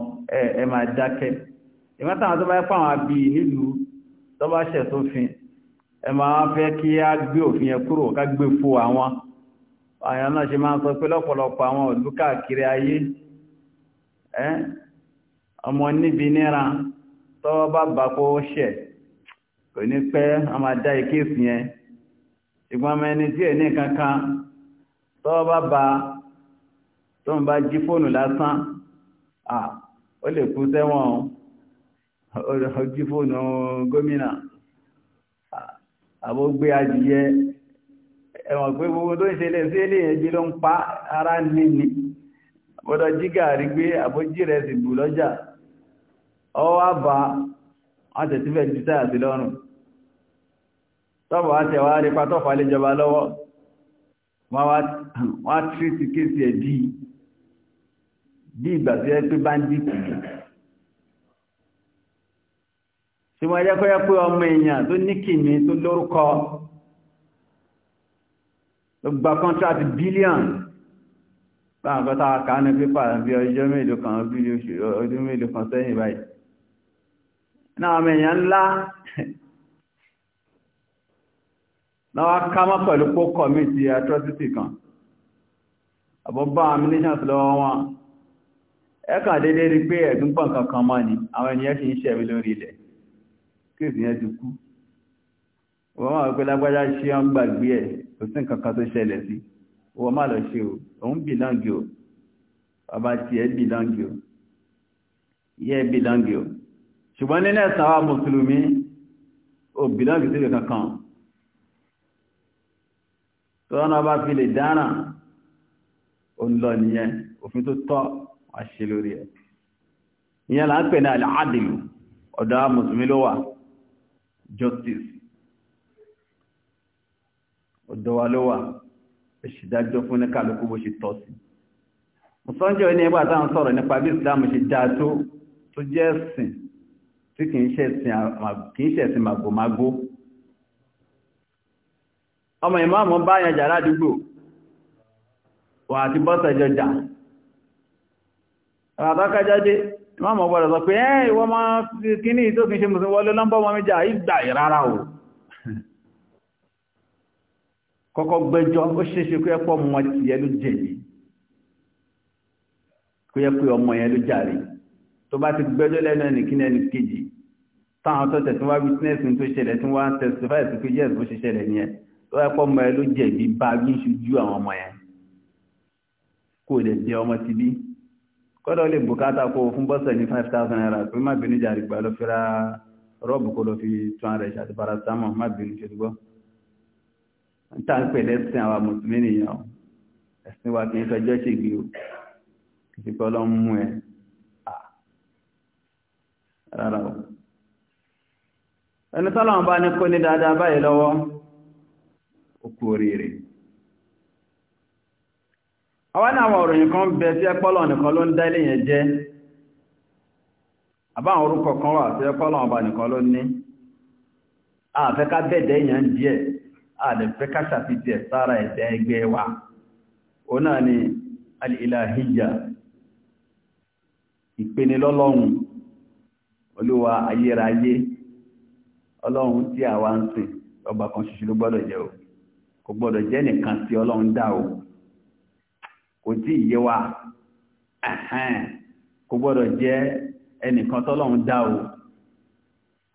ẹ máa dákẹ́ ìmọ́tàwọn tó bá yẹ fáwọn abì nílùú tó bá ṣẹ̀ sófin ẹ máa fẹ́ kí á gbé òfin yẹn kúrò ká gbé fò àwọn àyàn náà ṣe máa ń sọ pé lọ́pọ̀lọpọ̀ àwọn ìlú káàkiri ayé ọmọ níbi níra tọ́wọ́ bá bàpọ̀ ṣẹ̀ kò ní pẹ́ a máa dá ìkéèsì yẹn ṣùgbọ́n ọmọ ẹni tí ẹ̀ ní kankan tọ́wọ́ bá bá tó ń bá jí fóònù lásán ó lè kú sẹ́wọ̀n ojú fóònù gómìnà àbó gbé adìyẹ ẹ̀wọ̀n pé gbogbo tó ń ṣe lẹ́sí ilé ẹjí ló ń pa ara ní ni àbọ́dọ̀ jígà rí gbé àbójí rẹ̀ sì bù lọ́jà ọwọ́ àbá wọn tẹ̀ sífẹ̀ jù táyà sí lọ́rùn tọ́bọ̀ tí wọ́n jẹ́ kọ́yẹ́ pé ọmọ èèyàn tó ní kìíní tó lórúkọ tó gba kọ́ntrátì bílíọ̀n láàrín kọ́ta àkáánú pípà bí ọjọ́ mélòó kan ọdún mélòó kan sẹ́yìn báyìí náà ọmọ èèyàn ńlá náà ká mọ́ pẹ̀lú kó kọ̀mítì atrocity kan àbọ̀bá ammunition lọ́wọ́ wọn ẹ̀kàn déédéé rí pé ẹ̀gbùn pọ̀ kankan mọ́ ni àwọn ènìyàn sì ń ṣẹ̀bi lórí ilẹ̀ kéèsì yẹn ti kú wọ́n máa pẹ́ lágbájá ṣe ń gbàgbé ẹ̀ kò sí nǹkan kan tó ṣẹlẹ̀ sí wọ́n máa lọ ṣe o òun bì láǹgì o bàbá tiẹ̀ bì láǹgì o ìyá ẹ̀ bì láǹgì o ṣùgbọ́n nínú ẹ̀sán wa mùsùlùmí ò bì láǹgì síbi kankan tọ́nà bá fi lè dáná ó ń lọ nìyẹn òfin tó tọ́ àṣẹ lórí ẹ̀ ìyẹn là ń pè ní àlàádìlú ọ̀dọ́ mùsùlùmí ló wà justice ọ̀dọ̀ wa ló wà ìṣìdájọ́ fún ní kálukú bó ṣe tọ́ sí mùsọ́njẹ́ ní ẹgbà táwọn sọ̀rọ̀ nípa bí ìsìlámù ṣe dáa tó tó jẹ́ ẹ̀sìn tí kìí ṣe ẹ̀sìn màgòmágó ọmọ ìmáàmù àwọn àtọ́kájáde wọ́n mọ̀ gbọ́dọ̀ sọ pé ẹ́ ìwọ́n máa kí ní ìtò kí n ṣe mùsùn wọlé lọ́mbọ́ wọn méjà ìgbà ìrárá o kọ́kọ́ gbẹ́jọ́ ó ṣeéṣe kó ẹpọ̀ mọ́ ti yẹ ló jẹ̀yẹ kó yẹ pé ọmọ yẹn ló jàre tó bá ti gbẹ́jọ́ lẹ́nu ẹnìkíní ẹnì kejì táwọn tó tẹ̀ tí wọ́n witness tó ṣẹlẹ̀ tí wọ́n testify sí pé yes bó ṣe ṣẹlẹ̀ yẹn ó ẹpọ̀ mọ́ ẹ ló jẹ̀bi bá bí ń ṣojú àwọn ọmọ kọ́dọ̀ lè bùkátà kó fún bọ́sẹ̀ ní 5,000 naira pé má bínú jàrí gbà ló fi ra rọ́ọ̀bù kó ló fi tún ara ìṣà àti paracetamol má bínú ṣe gbọ́ níta ń pè lẹ́sìn àwa mùsùlùmí nìyàn ẹ̀sìn wa kì í fẹjọ́ ṣègbè o kì í pẹ́ ọlọ́run mú ẹ rárá o ẹni tọ́lọ́run bá ní kó ní dáadáa báyìí lọ́wọ́ ó kú oríire àwọn àwọn òròyìn kan bẹ tí ẹpọ́lọ̀ nìkan ló ń dá yẹn jẹ́ àbáwọn orúkọ kan wà tí ẹpọ́lọ̀ ọba nìkan ló ní àfẹ́ká bẹ̀dẹ̀ èèyàn díẹ̀ sára ẹ̀dẹ̀ ẹgbẹ́ wa ó náà ni olúwa ayérayé tí àwa ń sìn kan ṣoṣo ló jẹ́ o kò gbọ́dọ̀ jẹ́ nìkan o kò tí ì wa kò gbọ́dọ̀ jẹ́ ẹnìkan tọ́lọ́run dá o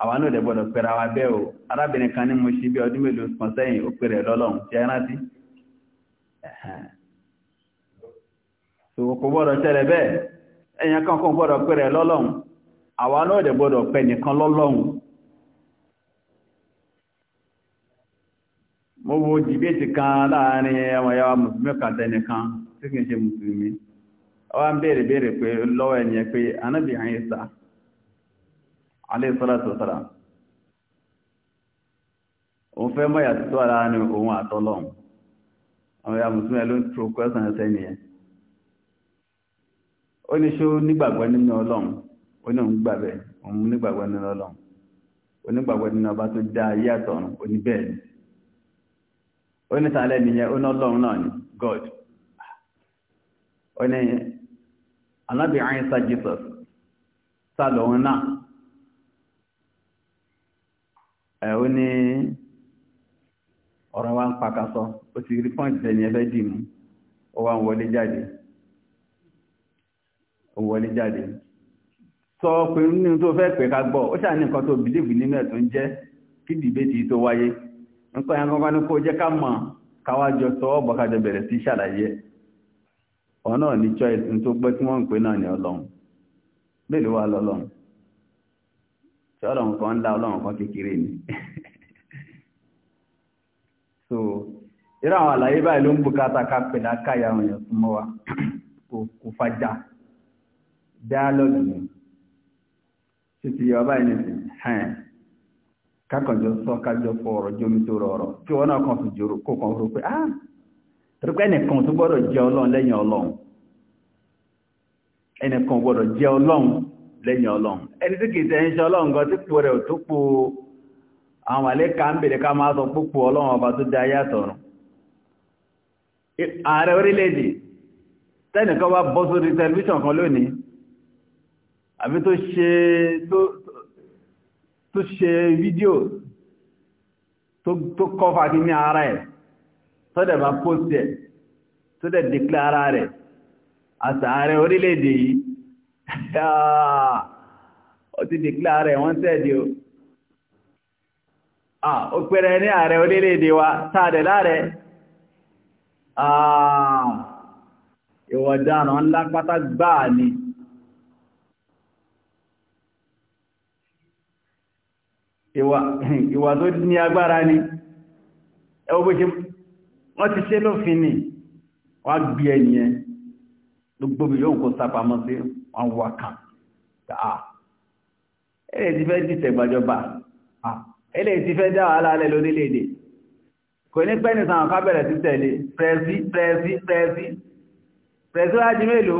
àwa náà dẹ̀ gbọ́dọ̀ pẹ̀rẹ̀ bẹ́ẹ̀ o arábìnrin kan ní mo ṣe bí ọdún mélòó kan sẹ́yìn ó pèrè lọ́lọ́run kò gbọ́dọ̀ bẹ́ẹ̀ ẹ̀yàn kan gbọ́dọ̀ lọ́lọ́run àwa náà dẹ̀ gbọ́dọ̀ pẹ̀ nìkan lọ́lọ́run mo wo jìbìtì kan láàrin mùsùlùmí kan tẹnìkan tí kìí ṣe mùsùlùmí ọwá ń bèèrè bèèrè pé lọ́wọ́ anyị sa ala àyíṣà aléṣọ́látọ̀sára òun fẹ́ mọ́ yàtọ̀ ara ní òun àtọ́lọ́un àwọn ya mùsùlùmí ló ń tro kwẹ́sàn ẹsẹ́ nìyẹn ó ní ṣó nígbàgbọ́ nínú ọlọ́run ó ní òun òun nínú nínú ọba tó dá ayé nìyẹn ó ní náà ni God ọ̀nà anábìrin sa jesus sa lòun náà ẹ̀ ó ní ọ̀rọ̀ wa ń pakasọ ó ti rí pọ́ǹtì ẹni dì mú ó wá ń wọlé jáde ó wọlé jáde sọ pé nínú tó fẹ́ pé ká gbọ́ ó ṣàní nǹkan tó bìlíìfù nínú ẹ̀ tó ń jẹ́ kí dìbéètì tó wáyé nǹkan yẹn ọ̀nà ní choice tó pẹ́ tí wọ́n ń pè náà ní ọlọ́run mélòó wà lọ́lọ́run tí ọlọ́run kan ńlá ọlọ́run kan kékeré ni so irú àwọn àlàyé báyìí ló ń bùkátà ká pẹ̀lú akáyà àwọn èèyàn súnmọ́ wa kò fàjà dialogue ni títí yọ báyìí nìsín hàn kákànjọ sọ kájọ fọ ọ̀rọ̀ jómi tó rọrọ tí wọn náà kàn fi jòrò kó kàn rò pé ah torípé ẹnìkan tó gbọ́dọ̀ jẹ́ ọlọ́run lẹ́yìn ọlọ́run ẹnìkan gbọ́dọ̀ jẹ́ ọlọ́run lẹ́yìn ọlọ́run ẹni tí kìí tẹ́ ń ṣe ọlọ́run gan tí kò rẹ̀ tó po àwọn àlékà ń bèèrè ká máa sọ púpọ̀ ọlọ́run ọba tó dá yàtọ̀ ààrẹ orílẹ̀-èdè tẹ́nìkan wá bọ́ sórí tẹlifíṣàn kan lónìí àbí tó ṣe tó tó kọ́ fàkí ní ara ẹ̀ tọ́dẹ̀ bá post ẹ̀ tọ́dẹ̀ declare rẹ̀ àtààrẹ orílẹ̀-èdè yìí ó ti declare rẹ̀ wọ́n tẹ́ẹ̀dì o ah ó pẹ̀rẹ̀ ní ààrẹ orílẹ̀-èdè wa tààdẹ̀ láàrẹ ah ìwọ̀dánà ńlá pátá gbáà ni ìwà tó ní agbára ni ẹwọ́ bó ṣe wọ́n ti ṣe lófin ni wọ́n á gbé ẹni ẹ gbogbo bí yóò kó sápamọ́ sí wọn wà kàn á ẹlẹ́ ti fẹ́ dìtẹ̀ gbàjọba ẹlẹ́ ti fẹ́ dá wàhálà alẹ́ lórílẹ̀-èdè kò ní pẹ́ nìsan àwọn kábẹ̀rẹ̀ sí tẹ̀lé pẹ́ẹ́sí pẹ́ẹ́sí pẹ́ẹ́sí pẹ́ẹ́sí wájú mélòó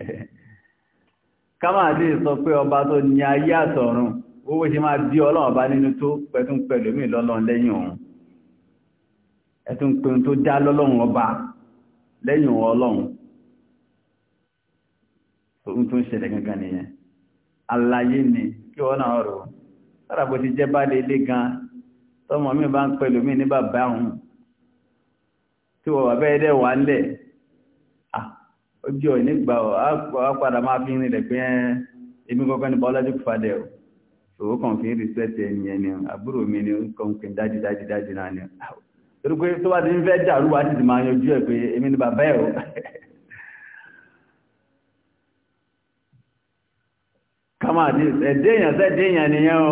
kámáà sì sọ pé ọba tó ní ayé àtọ̀run owó ṣe máa bí ọlọ́run bá nínú tó pẹ̀tún ẹ̀tún pé tó dá lọ́lọ́run ọba lẹ́yìn ọlọ́run tó ń ṣẹlẹ̀ gangan nìyẹn alayé ni kí wọ́n náà rò sára bó ti jẹ́ bá lè gan tọ́mọ mi bá ń pẹ̀lú mi ní bàbá òun tí wọ́n wà bẹ́ẹ̀ dẹ̀ wà ńlẹ̀ ojú ọ̀ nígbà padà máa fi rìnlẹ̀ pé ní kan fi ń ẹni ẹni àbúrò mi ni ó ń kọ́ torí pé tó bá ti ń fẹ́ dàrú wá ti máa yanjú ẹ̀ pé èmi ni bàbá ẹ̀ o kama ẹ̀dẹ́ èèyàn sẹ́dẹ́ èèyàn nìyẹn o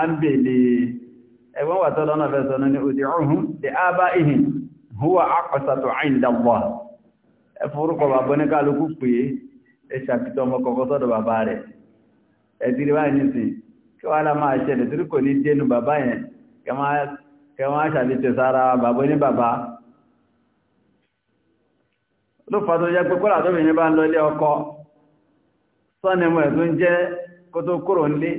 a ń wà tọ́lọ́ náà fẹ́ sọ́nà ní òdì ọ̀hún di ábá ìhìn huwa aqsatu 'inda Allah ẹ forúkọ bàbá ní kálukú pé ẹ ṣàkìtọ́ ọmọ kọ̀kọ́ sọ́dọ̀ bàbá rẹ̀ ẹ̀ tìrí báyìí nìsín kí kẹwọn aṣàlítẹ̀ sára bàbá ní bàbá ló fàtó jẹ́ pé kọ́lá tóbi ní bá ń lọ ilé ọkọ sọ́nìmọ̀ ẹ̀tún jẹ́ kó tó kúrò ní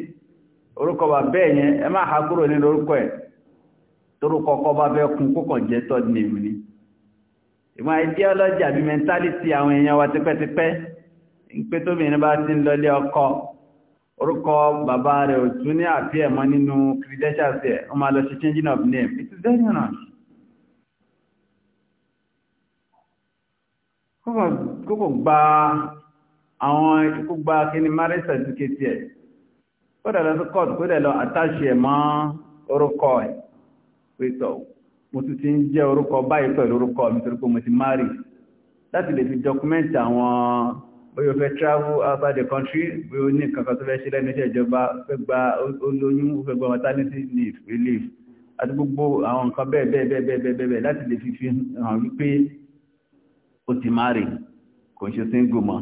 orúkọ bà bẹ́ẹ̀ yẹn ẹ máa ha kúrò ní orúkọ ẹ̀ torúkọ bá fẹ́ kún kókàn jẹ́ ni orúkọ bàbá rẹ̀ ò tún ní àpí ẹ̀mọ́ nínú credentials ẹ̀ o máa lọ ṣe changing of name it is very wrong kókò gba àwọn ikú gba kíni marriage certificate ẹ̀ kó dẹ̀ lọ sí court kó dẹ̀ lọ attach ẹ̀ mọ́ orúkọ ẹ̀ pẹ̀tọ̀ mo tún ti ń jẹ́ orúkọ báyìí pẹ̀lú orúkọ mi torí pé mo ti marry láti lè fi document àwọn bóyá o fẹ́ travel outside the country bóyá o ní kankan tó fẹ́ ṣe lẹ́nu iṣẹ́ ìjọba fẹ́ gba olóyún fẹ́ gba maternity leave relief àti gbogbo àwọn nǹkan bẹ́ẹ̀ bẹ́ẹ̀ bẹ́ẹ̀ bẹ́ẹ̀ bẹ́ẹ̀ bẹ́ẹ̀ láti lè fi fi hàn wípé ó ti marry kò ń ṣe single mọ́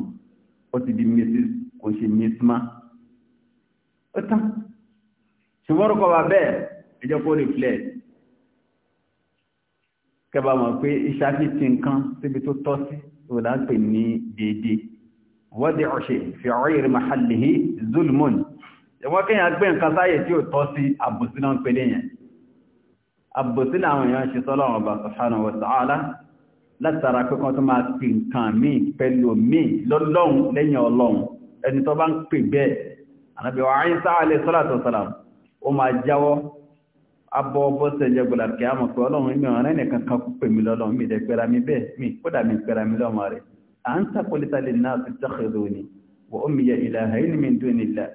ó ti di mrs kò ń ṣe miss mọ́ ó tán ṣùgbọ́n orúkọ wa bẹ́ẹ̀ ẹjọ́ kó reflect kẹba mọ̀ pé iṣẹ́ àfihàn nǹkan síbi tó tọ́ sí òun là ń pè ní déédéé wọ́dẹ̀ ọ̀ṣẹ́ fi ọ̀rẹ́ mahalihi zulmun ìwọ́n kíyàn gbé nǹkan sáyé tí ó tọ́ sí àbòsínà ń pèlé yẹn àbòsínà àwọn èèyàn ṣe sọ́lọ́wọ́ bá subhanahu wa ta'ala látara pé kan tó máa pè nǹkan míì pẹ̀lú míì lọ́lọ́run lẹ́yìn ọlọ́run ẹni tó bá ń pè bẹ́ẹ̀ ànábì wa Ìsá alayhi salatu wasalam ó máa jáwọ́ abọ́ bọ́ sẹ́jẹ́ gbọ́dọ̀ kí á أنت قلت للناس اتخذوني وأمي إلهين من دون الله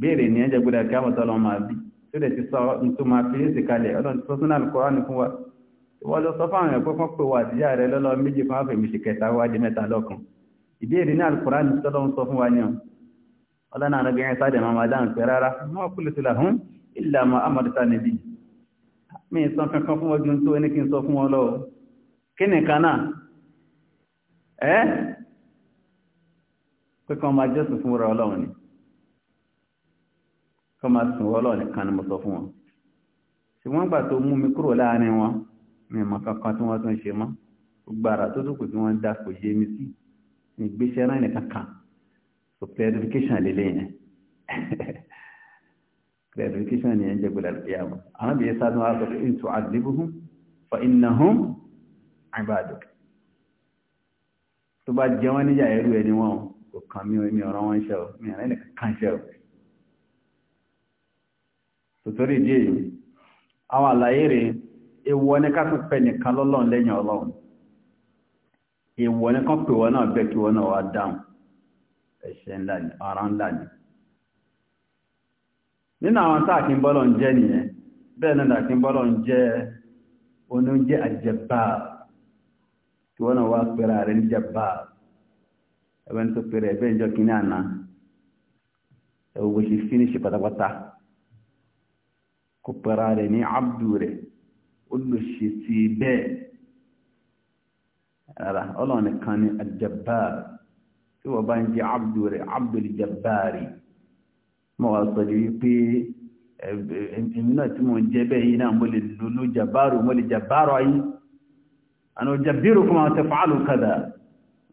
بيري ني أجا بودا كاما تلو ما بي سورة تصاوة انتما في سكالي أدن تصنع القرآن كوا wọ́lọ́ sọ fáwọn ẹ̀kọ́ kan pé wà tíyà rẹ lọ́lọ́ méjì fún àfẹ̀mí sí kẹta wájú mẹ́ta lọ́kàn ìbéèrè ní alukura ní sọ́dọ̀ ń sọ fún wa ní ọ̀ ọlọ́nà arábìnrin sáde máa máa dáhùn pé rárá wọ́n kú lè tìlà hún ìlà àmọ́ amọ̀dútà níbí mi sọ kankan fún wọn ju tó ní kí n sọ fún wọn lọ́wọ́ kí nìkan náà ẹ́ pé kan máa jọ́sìn fún ra ọlọ́run ni kan máa sùn ọlọ́run nìkan ni mo sọ fún wọn ṣùgbọ́n gbà tó mú mi kúrò láàrin wọn mi mọ̀ kankan tí wọ́n tún ṣe mọ́ gbogbo ara tó tókù tí wọ́n dá kò yé mi sí ìgbésẹ̀ náà nìkan kan so clarification lélẹ́yìn clarification ni ẹjẹ́ gbọ́dọ̀ ìyàwó àwọn ibi ẹ̀sádùn wa sọ pé in tu'adhibuhum fa innahum ibaduk tó bá jẹ wọ́n níyà ẹrú ẹni wọn kò kàn mí omi ọ̀rọ̀ wọn ṣe ọ́ mi àrẹ́lẹ̀ kan ṣe ọ́ tòtòrí ìdí èyí àwọn àlàyé rẹ̀ èwọ̀ ní ká tún pẹ̀ nìkan lọ́lọ́run lẹ́yìn ọlọ́run èwọ̀ ní kan pè wọ́n náà bẹ́ẹ̀ kí wọ́n náà wá dáhùn ẹ̀ṣẹ̀ ńlá ni ara ńlá ni nínú àwọn tá àkín bọ́lọ̀ ń jẹ́ nìyẹn bẹ́ẹ̀ náà àkín bọ́lọ̀ ń jẹ́ oníjẹ́ àjẹbáà tí wọ́n náà wá pẹ̀rẹ̀ ààrẹ ní jàbá ẹgbẹ́ ní tó pẹ̀rẹ̀ ẹgbẹ́ ìjọ kìíní àná ẹwọ́ bó ṣe fínísì pátápátá kò pẹ̀rẹ̀ ààrẹ ní abdu rẹ̀ ó lò ṣe ti bẹ́ẹ̀ rárá ọlọ́run nìkan ni àjàbá tí wọ́n bá ń jẹ́ abdu rẹ̀ abdul jabari mọ̀ wá sọ wípé èmi náà tí mo ń jẹ́ bẹ́ẹ̀ mo lè lò ló àna òjàbírò kọmọ àwọn tẹfà alùkàdà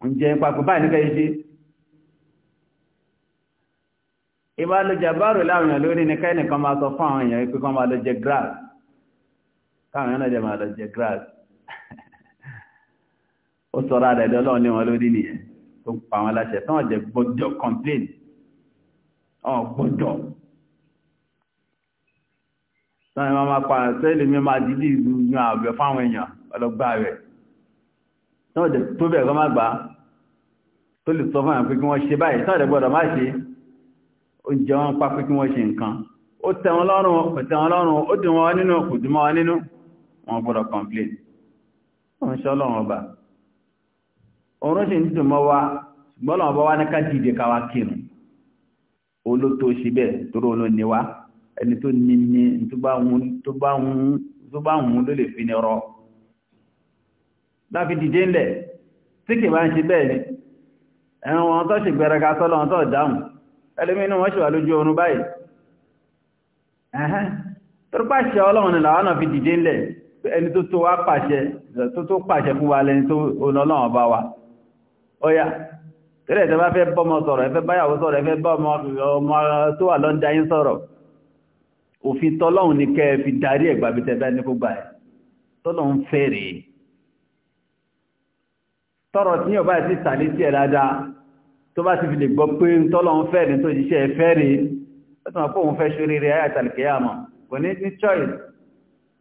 ń jẹ ìpapò báyìí ní kẹyẹ ṣe ìbá lọ jàbárò láwọn èèyàn lórí ní kẹ́ẹ̀nì kan máa sọ fún àwọn èèyàn pé kan máa lọ jẹ grass káwọn èèyàn náà jẹ máa lọ jẹ grass ó sọ̀rọ̀ àdá ẹ̀dọ́ lọ́wọ́ ní wọn lórí nìyẹn tó ń pa àwọn mi máa dìdí ìlú yan fáwọn èèyàn ọlọ́gbà rẹ̀ náà dẹ̀ tó bẹ̀ gọ́mà gbà tó lè sọ fún àwọn pé kí wọ́n ṣe báyìí náà dẹ̀ gbọ́dọ̀ má ṣe oúnjẹ wọn pa pé kí wọ́n ṣe nǹkan ó tẹ́ wọn lọ́rùn kò tẹ́ wọn lọ́rùn ó dùn wọn nínú kò dùn wọn nínú wọn gbọ́dọ̀ complain wọn ṣe ọlọ́run ọba òun ṣe ń dùn mọ́ wa ṣùgbọ́n lọ́wọ́ bá wá ní ká dìde ká wá kírun olóto ṣe bẹ́ẹ̀ tóró ló ní wa ẹni tó ní ní tó bá wù tó bá wù ló lè fi ní rọ láfi dìde ńlẹ̀ tí kì máa ń ṣe bẹ́ẹ̀ ni ẹ̀rùn wọn tó ṣe gbẹ̀rẹ̀gà sọ́lọ́ wọn tó dáhùn ẹlẹ́mìnú wọ́n ṣe wà lójú oorun báyìí ẹ̀hẹ́n tó pàṣẹ ọlọ́run ni làwọn náà fi dìde ńlẹ̀ ẹni tó tó wá pàṣẹ tó tó pàṣẹ fún wa lẹni tó ọlọ́run ọba wa ọya tẹ́lẹ̀ tẹ́ bá fẹ́ bọ́mọ sọ̀rọ̀ ẹ fẹ́ báyàwó sọ̀rọ̀ ẹ fẹ́ bọ́mọ tó wà lọ́ndà yín sọ̀rọ̀ òfin tọ́lọ́run ni kẹ́ fi darí ẹ̀gbàbí tẹ́ bá ní kó gbà ẹ̀ tọ́lọ́run fẹ́ rèé tọ́rọ̀ tí yóò bá ti tàlé sí ẹ̀ dáadáa tó bá ti fi lè gbọ́ pé ń tọ́lọ ń fẹ́ ní tó jíṣẹ́ ẹ̀fẹ́ rí ẹ̀tọ́ ma fóun fẹ́ ṣorí rẹ̀ ayà tàlẹ̀kẹ́ àmọ́ kò ní ní choice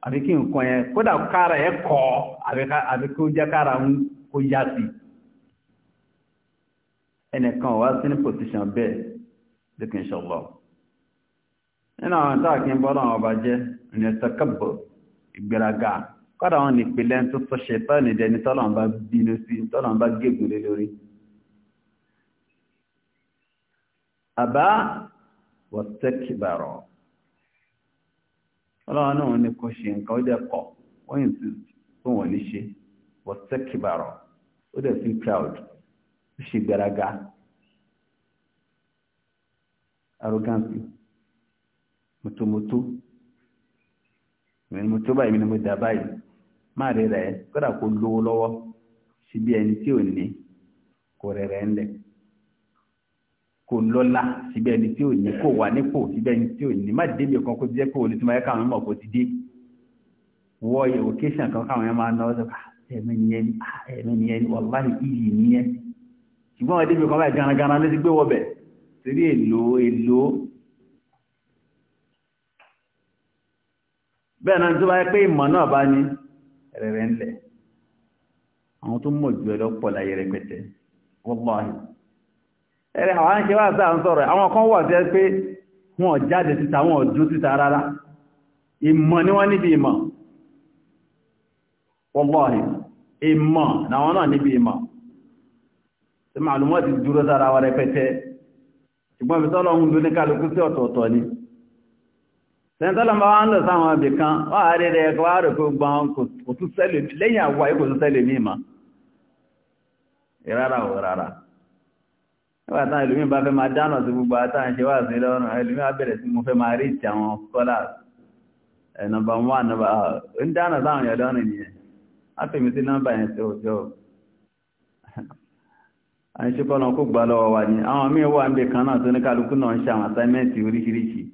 àbí kí nǹkan yẹn kódà kára ẹ̀ kọ́ àbí kó jẹ́ kára ń kó yá sí ẹnìkan wá sí ní position bẹ́ẹ̀ lókè ṣọlọ nínú àwọn táàkì ń bọ́ láwọn ọba jẹ́ ìrìnàṣà kọ́dà wọn nìpìlẹ̀ tó sọ ṣẹ̀tọ́nì jẹni tọ́lọ̀n bá bínú sí tọ́lọ̀n bá gégùn lé lórí àbá wọ́tẹ́kìbàrọ̀ ọlọ́wọ́n náà ní kò ṣe nǹkan ó dẹ̀ kọ̀ wọ́n yìí tí tó wọ́n ní ṣe wọ́tẹ́kìbàrọ̀ ó dẹ̀ sí proud ó ṣe gbẹraga arrogance mọ̀tòmọ̀tò mọ̀tòmọ̀tò báyìí ni mo dà báyìí má rí rẹ̀ kódà kó lówó lọ́wọ́ síbi ẹni tí ò ní kó rẹ̀ rẹ̀ ńlẹ̀ kò lọ́lá síbi ẹni tí ò ní kò wà nípò síbi ẹni tí ò ní má débi kan kó jẹ́ kó o lè tún máa yẹ káwọn mọ̀ kó ti dé wọ ìwòkéṣàn kan káwọn yẹn máa ná ọdún ká ah, ẹ̀mí ni ah, ẹ̀mí ni ẹni wàláhì iyì ṣùgbọ́n ọdẹ ibi kan báyìí ganagana ló ti gbé wọbẹ̀ torí èlò èlò bẹ́ẹ̀ náà tó bá yẹ pé ìmọ̀ náà bá ní rẹ̀rẹ̀ ńlẹ̀ àwọn tó mọ̀ jù ẹ lọ́pọ̀ láyé rẹpẹtẹ wọ́pọ̀láhì ẹ̀rẹ̀ àwọn ṣe wá sáà ń sọ̀rọ̀ àwọn kan wà tẹ́ pé wọ́n jáde síta wọ́n ọdún síta rárá ìmọ̀ ni wọ́n níbi ìmọ̀ wọ́pọ̀láhì ìmọ̀ làwọn náà níbi ìmọ̀ tí màlúmọ́ ti dúró sára wa rẹpẹtẹ ṣùgbọ́n fi sọ́lọ́ sẹ́ńtọ́lọ́mọ́ wá ń lọ sáwọn ibì kan wọ́n rí rẹ̀ gbọ́n kò tún sẹ́lẹ̀ lẹ́yìn àwọ̀ ayé tún sẹ́lẹ̀ ma ìrara ò rárá nígbà táwọn ẹlòmíín bá fẹ́ máa dáná sí gbogbo àtàwọn ṣe wá sí lọ́rùn ẹlòmíín á bẹ̀rẹ̀ sí mo fẹ́ máa rí ìtì kọ́lá ah, ẹ̀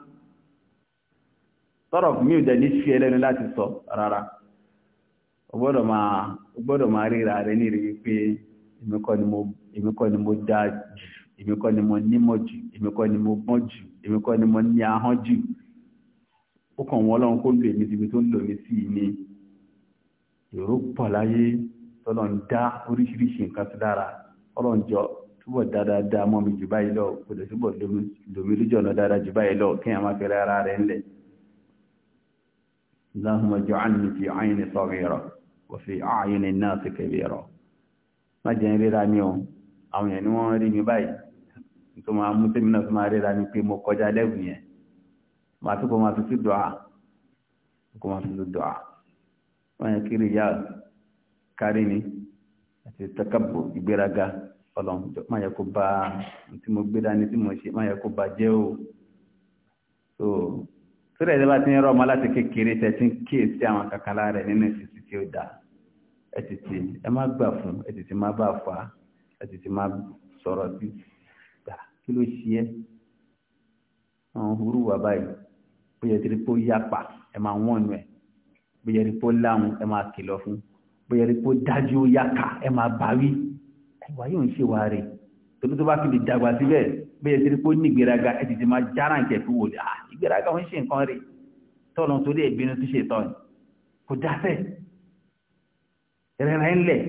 sọ̀rọ̀ mi ò dẹ̀ní fi ẹlẹ́nu láti sọ rárá o gbọ́dọ̀ máa ríra rẹ ní rí pé èmi ni mo dáa jù èmi kọ́ ni mo nímọ̀ jù èmi ni mo gbọ́n jù èmi ni mo ní ahọ́n jù ó kàn wọ́n lọ́n kó lò èmi síbi tó ń lò mí sí ni èrò pọ̀ láyé tọ́lọ́ ń dá oríṣiríṣi nǹkan sí dára ọlọ́ ń jọ túbọ̀ dáadáa mọ́ mi jù báyìí lọ kò lè túbọ̀ lómi lójú ọ̀nà dáadáa jù báyìí lọ kí n máa fẹ́rẹ́ rẹ̀ ńlẹ̀ اللهم اجعلني في عيني صغيرة وفي أعين الناس كبيرة má jẹ́ ríra ní ohun àwọn èèyàn ni wọ́n rí mi báyìí tó máa mú tèmi náà tó máa ríra ní pé mo kọjá lẹ́gùn yẹn màá tó kó máa fi sí dọ́à kó máa fi sí dọ́à wọ́n yẹn kiri yá kárí ni àti takabbu ìgbéraga ọlọ́run má yẹ kó bá tí mo gbé dání tí mo ṣe má yẹ kó bá jẹ́ o so sórí ẹ̀dẹ́ bá ti ń rọ ọmọ láti kékeré tẹ̀sí kíyèsí àwọn kàkàlá rẹ̀ nínú ìfisí tí ó dá ẹ̀tìtì ẹ má gbà fún ẹ̀tìtì má bà fà á ẹ̀tìtì má sọ̀rọ̀ sí gbà kí ló ṣe é àwọn òwúrú wà báyìí bóyá ti rí ó yapa ẹ máa wọ́n nu ẹ̀ bóyá rí pé ó láhùn ẹ máa kìlọ̀ fún bóyá rí pé ó dájú yaka ẹ máa bá wí ẹ̀wà yóò ń ṣèwà rè torí tó bá fi lè dàgbà síbẹ̀ bẹ́ẹ̀ tí kó ní ìgbéraga ẹ ti ti máa jára nǹkẹ́ fún wò dáa ìgbéraga wọn ṣe nǹkan rí tọ́lọ́ torí ìbínú tó ṣe tọ́ni kò dáfẹ́ rẹ̀rẹ̀ ńlẹ̀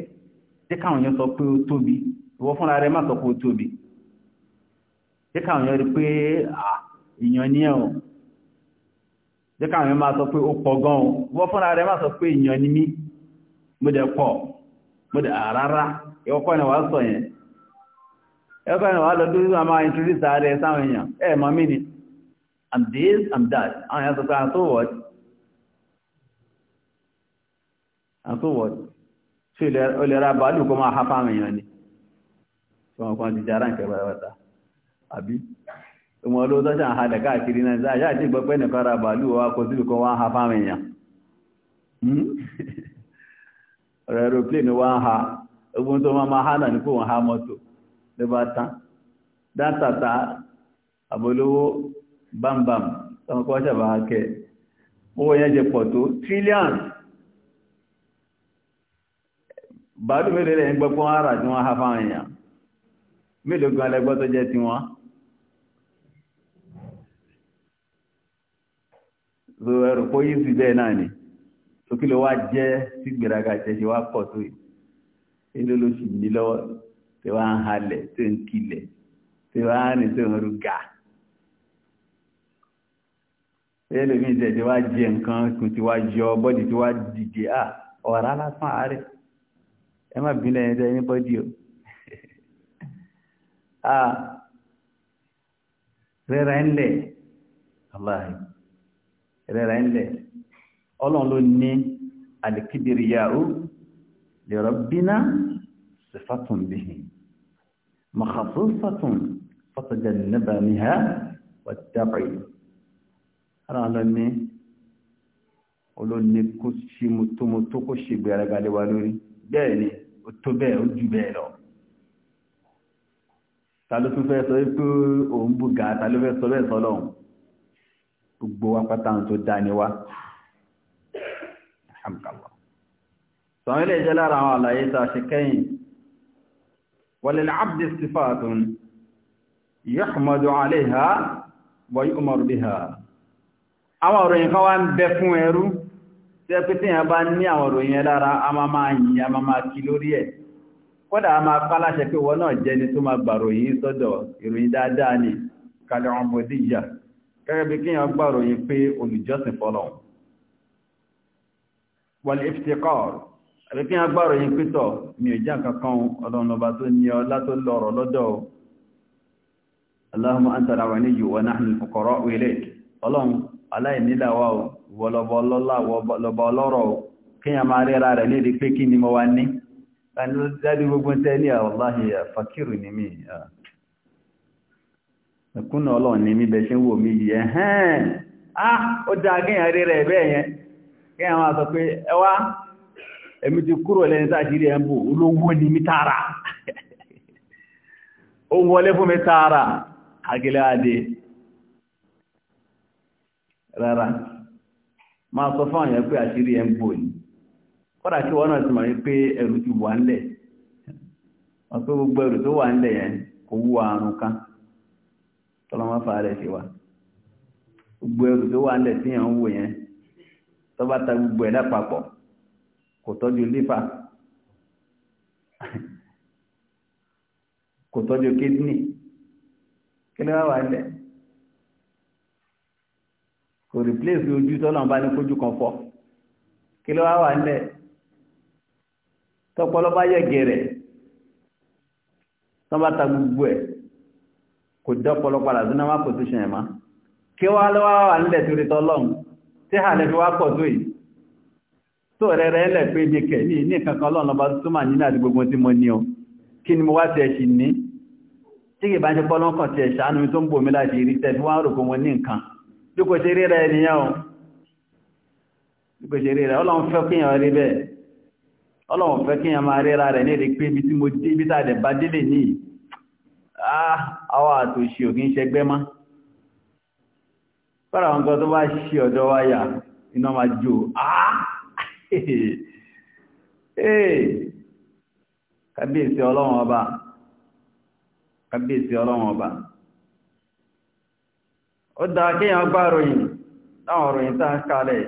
jẹ́ káwọn yẹn sọ pé ó tóbi ìwọ fúnra rẹ̀ má sọ pé ó tóbi jẹ́ káwọn yẹn rí pé èèyàn ní ẹ̀wọ̀n jẹ́ káwọn yẹn máa sọ pé ó pọ̀ gan-an ìwọ fúnra rẹ̀ má sọ pé èèyàn ní mí mo dẹ̀ pọ̀ mo dẹ̀ rárá ìwọ ni wàá ẹ̀kọ́ ìrìn wà lọ tó rízọ àmà introduce ààrẹ sáwọn èèyàn ẹ̀ mọ̀ mí ni i'm this i'm that àwọn èèyàn i'm ah, so what i'm ah, so what ṣe bàálù kó máa èèyàn ni wọ́n kàn ti jára nǹkan pátápátá àbí ìmọ̀ ń ha hmm? ogun tó máa máa ló bá tán dátàtà àbólówó bámbàm tọmọkọ́ ṣàbá kẹ́ owó yẹn jẹ pọ̀ tó trillions bàálù mélòó lẹ́yìn gbọ́gbọ́n ara tí wọ́n há fáwọn èèyàn gan lẹ́gbọ́ tó jẹ́ so kó yí sí bẹ́ẹ̀ náà ni tó kí wá jẹ́ sí jẹ́ wá pọ̀ tó yìí tí wá ń halẹ̀ tí ń kilẹ̀ tí wá ń rìn tí ń rúgà ẹlòmí ìtẹ̀ tí wá jẹ nǹkan kùn tí wá yọ bọ́dì tí wá dìde à ọ̀rá lásán ààrẹ ẹ má bínú ẹni tẹ́ ní bọ́dì o rẹ́ra ńlẹ̀ rẹ́ra ńlẹ̀ ọlọ́run ló ní alìkídìríyàwó lè rọ́bínà sifatun bihin مخصوصة فتجنب بها والتبعي ara lọ ní olóòní kó ṣe mọ́tòmọ́tò kó ṣe gbẹ̀rẹ̀gbẹ̀rẹ̀ wa lórí bẹ́ẹ̀ ni ó tó bẹ́ẹ̀ ó jù bẹ́ẹ̀ lọ ta ló tún fẹ́ sọ pé òun bù ga ta ló fẹ́ sọ bẹ́ẹ̀ sọ lọ́hùn gbogbo wa pátá tó dá ni wa alhamdulillah sọ ilé iṣẹ́ lára àwọn àlàyé tá a ṣe kẹ́yìn وللعبد صفات يحمد عليها ويؤمر بها àwọn òròyìn kan wá ń bẹ fún ẹrú tí ẹkú tí ìyàn bá ní àwọn òròyìn ẹlára a máa máa yìí a máa máa kí lórí ẹ̀ kódà a máa pá láṣẹ pé wọ́n náà jẹ́ni tó máa gbà ròyìn sọ́dọ̀ ìròyìn dáadáa ní kalẹ̀ gẹ́gẹ́ ẹ̀rẹ́ kí agbára yìí pítọ̀ mi ò já kankan ọlọ́nàbà tó ní ọ látó lọ́rọ̀ lọ́dọ̀ Allahumma anta al-ghaniyyu wa nahnu al-fuqara'u ilayk ọlọ́run aláìníláwà wọlọ́bọ̀ ọlọ́rọ̀ kí a máa rí ara rẹ̀ ní ìdí pé kí ni mo wá ní láti gbogbo tẹ́ ní àwọ̀láhì fàkírù ní ẹ̀mí ti kúrò lẹ́ni tàjírí ẹ̀ ń bò olówó ní mi tààrà ó wọlé fún mi tààrà àgẹ́lẹ́ adé rárá máa sọ fún àwọn ẹ̀pẹ́ àṣírí ẹ̀ ń bò ní kọ́dà kí wọ́n náà ti mọ̀ pé ẹ̀rù ti wà ńlẹ̀ ọ̀pẹ́ gbogbo ẹ̀rù tó wà ńlẹ̀ yẹn kò wú àrùn kan tọ́lọ́mọ́ fà rẹ̀ ṣe wà gbogbo ẹ̀rù tó wà ńlẹ̀ tí yẹn ń wò yẹn tọ́ bá ta gbogbo ẹ̀ lápapọ̀ kò tọ́jú lífà kò tọ́jú kídìní kí ló wá wà lẹ̀ kò replace ojú tọ́lọ̀ bá ní kójú kan fọ́ kí ló wá wà lẹ̀ tọpọlọ bá yẹ gẹ̀rẹ̀ tọ́ bá ta gbogbo ẹ̀ kò dọ́pọlọ padà sí náà má pòtíṣẹ̀ ẹ̀ má kí wá lọ́wọ́ wà nílẹ̀ torí tọ́lọ́run tí hàlẹ́ fi wá pọ̀ tó yìí tó rẹ̀rẹ̀ ẹlẹ̀ pé ní kẹ̀ ní ní kankan lọ́nà bá túnmà nínú àti gbogbo tí mo ní o kí ni mo wá ti ẹ̀ṣì ní tí kì bá ń ṣe pọ́lọ́nkàn ti ẹ̀ṣà ánú tó ń bò mí láti rí tẹ́ fi wá rò pé mo ní nǹkan bí kò ṣe rí rẹ̀ nìyẹn o bí kò ṣe rí rẹ̀ ọlọ́run fẹ́ kíyàn rí bẹ́ẹ̀ ọlọ́run fẹ́ kíyàn máa ríra rẹ̀ ní rí pé ibi tí mo dé ibi tá a délé ní ah, àwọn àtòṣì òkè ń ṣẹgbẹ́ má fọ́nà àwọn nǹkan tó bá ṣe ọ̀dọ́ wáyà iná máa jó ah! kábíyèsí ọlọ́run ọba kábíyèsí ọlọ́run ọba ó dá kéèyàn gbá ròyìn láwọn ròyìn tá ń kalẹ̀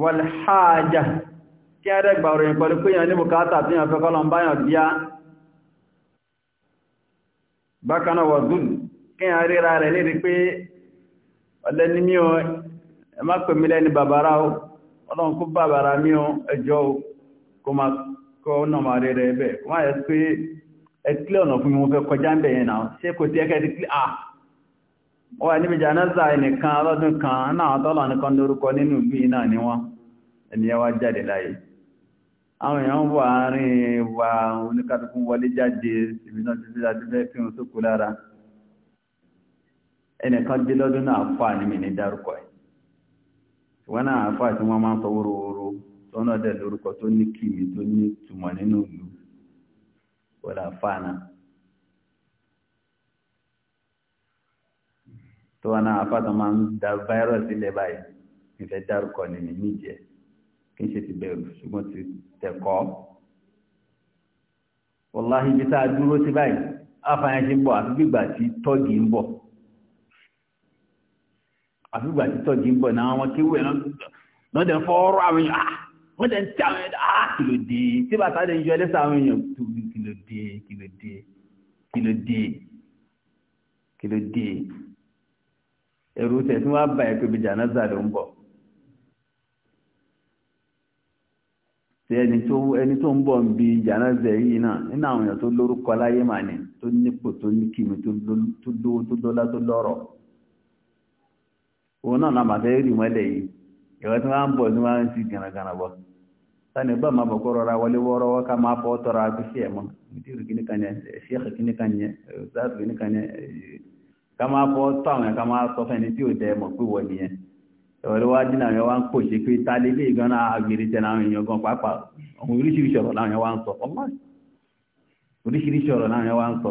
wọlháájá kí a rẹ̀ gbà ròyìn pẹ̀lú kéèyàn ní bùkátà tí yàn fẹ́kọ́ lọ́n báyàn bíá bákanáà wọ̀dún kéèyàn ríra rẹ̀ ya pé ọlẹ́ni mí o ẹ má pè mí ọlọ́run kó bàbàrà ní ẹjọ́ kó máa kọ́ nọ̀mà rẹ̀ rẹ̀ bẹ̀ wọ́n yẹ pé ẹkílẹ̀ ọ̀nà fún mi mo fẹ́ kọjá ń bẹ̀ yẹn náà ṣé kò tí ẹkẹ́ díkílẹ̀ à wọ́n wà níbi jànáza ẹnìkan ọlọ́dún kan náà tọ́lọ̀ nìkan lórúkọ nínú ìlú yìí náà ni wọ́n ènìyàn wá jáde láyé àwọn èèyàn wà áárín wa oníkàtúkú wọlé jáde ìbí náà títí láti fẹ́ fi hàn sókò lára ẹnìkan dé lọ́dún náà fà ní wọ́n náà àfà tí wọ́n máa ń fọwọ́rọ̀ oòrò tọ́nà dẹ̀ lórúkọ tó ní kìmí tó ní túmọ̀ nínú ìlú wọ́lá fàánà tó wọ́n náà tó máa ń da virus ilẹ̀ báyìí ìfẹ́ dárúkọ ní mi kí n ṣe ti bẹ̀rù ṣùgbọ́n ti tẹ̀kọ́ wọ́láhí bí tá dúró sí báyìí ṣe ń àfígbà títọ́ jí ń bọ̀ náà wọn kí wẹ̀ náà dẹ̀ fọ́ọ́rọ́ àwọn èèyàn ah, wọ́n dẹ̀ ń tí àwọn èèyàn ah kí ló dé tí bàtà dẹ̀ ń yọ ẹlẹ́sẹ̀ àwọn èèyàn tó kí ló dé kí ló dé kí ló dé kí ló dé ẹ̀rù tẹ̀ tí wọ́n á bá ẹ̀ pé bíjà náà zà ló ń bọ̀. tí ẹni tó ẹni tó ń bọ̀ ń bi jàǹdàzẹ̀ yìí náà nínú àwọn èèyàn tó lórúkọ láyé màní tó nípò tó ní kìmí tó lówó tó lọ́rọ̀ òun náà náà màtẹ́ rí mọ́lẹ̀ yìí ìwọ́n tí wọ́n ń bọ̀ ní wọ́n ń ti gànàgànà bọ̀ sani bá ma bọ̀kọ́ rọra wọlé wọ́rọ́wọ́ ká máa fọ́ tọrọ agbésí ẹ̀ mọ́ mùtírù kìíní kan yẹ ṣéèkì kìíní kan yẹ ṣáàtù kìíní kan yẹ ká máa fọ́ tó àwọn yẹn ká máa sọ fẹ́ni tí ò dẹ mọ̀ pé wọ́n nìyẹn yẹn wá ń pò ṣe àwọn yẹn wá ń sọ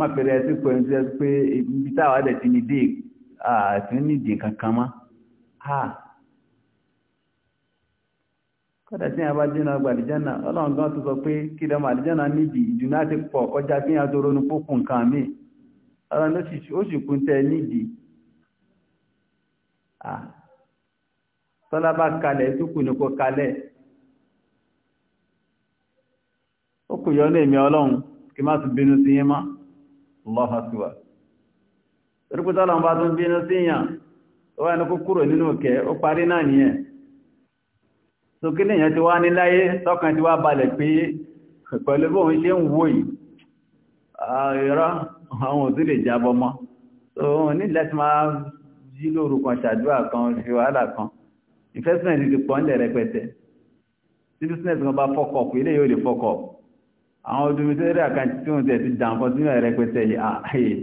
ma pẹ̀lẹ̀ ẹ̀sìn pẹ̀lú ẹ̀sìn pé ibi táwa dẹ̀ ti ní ìdí kankan mọ́ ha kọ́dà tí a bá jẹ́nà ọgbà àdìjánà ọlọ́run gan tó sọ pé kí lọ́mọ níbi ìdùnnú àti pọ̀ kọjá a tó ronú nǹkan míì ọlọ́run ó sì kún tẹ nídìí tọ́lá bá kalẹ̀ ìtúkù ní kò kalẹ̀ ó Allah Akbar orúkú tọ́lọ̀ ń bá tún bínú síyàn ó wá ní kó kúrò nínú kẹ́ ó parí náà nìyẹn tó kí lèyàn ti wá ní láyé tọ́kàn ti wá balẹ̀ pé pẹ̀lú bóun ṣe ń wò yìí ààrẹ́rọ́ àwọn òtún lè jábọ́ mọ́ tó ní láti máa jí lóru kan ṣàdúrà kan ṣe àwọn odòmítẹ́rẹ́ àkàntí tí wọ́n tẹ̀ ti jàǹkan sínú ẹ̀rẹ́pẹ̀tẹ̀ yìí ààyè ah,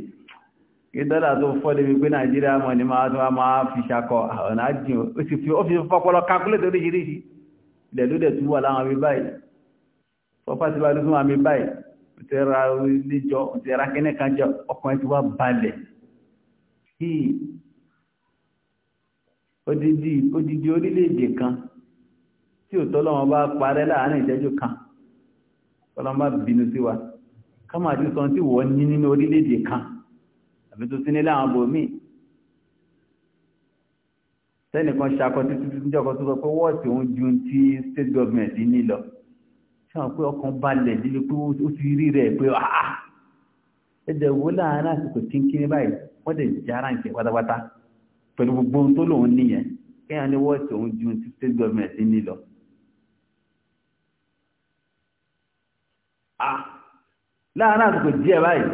kí dọ́là tó fọ́ débi pé nàìjíríà mọ̀ ní máa tó máa fi ṣakọ ọ̀nà àjìn ó sì fi ọ́fíì fọ́pọ́lọ́ kákúlẹ̀ tó ríṣiríṣi ilẹ̀ ló dẹ̀ tún wà láwọn àmì báyìí fọ́pá ti bá tún àmì báyìí ó ti ra níjọ ó ti ra kíní kan jẹ ọkùnrin ti wá balẹ̀ híì odidi odidi orílẹ̀-èdè kan tí òtọ́lọ́wọ́n bá parẹ́ láàárín ìṣẹ́jú kan kọlọmọ bínú sí wa kámà tí sọ tí wọ́n ní nínú orílẹ̀-èdè kan àbí tó sí nílẹ̀ àwọn bòmí tẹ́nìkan ṣakọ títí títí jọ́kọ́ tó sọ pé wọ́ọ̀sì òun ju ti state government ní lọ ṣáà pé ọkàn balẹ̀ líle pé ó ti rí rẹ̀ pé àá ẹ̀jẹ̀ wo láàárín àsìkò kínkín báyìí wọ́n dẹ̀ jára ìjẹ́ pátápátá pẹ̀lú gbogbo ohun tó lóun níyẹn kéèyàn ní wọ́ọ̀sì òun ju ti state government ní lọ Ah, láàárín àsìkò díẹ̀ báyìí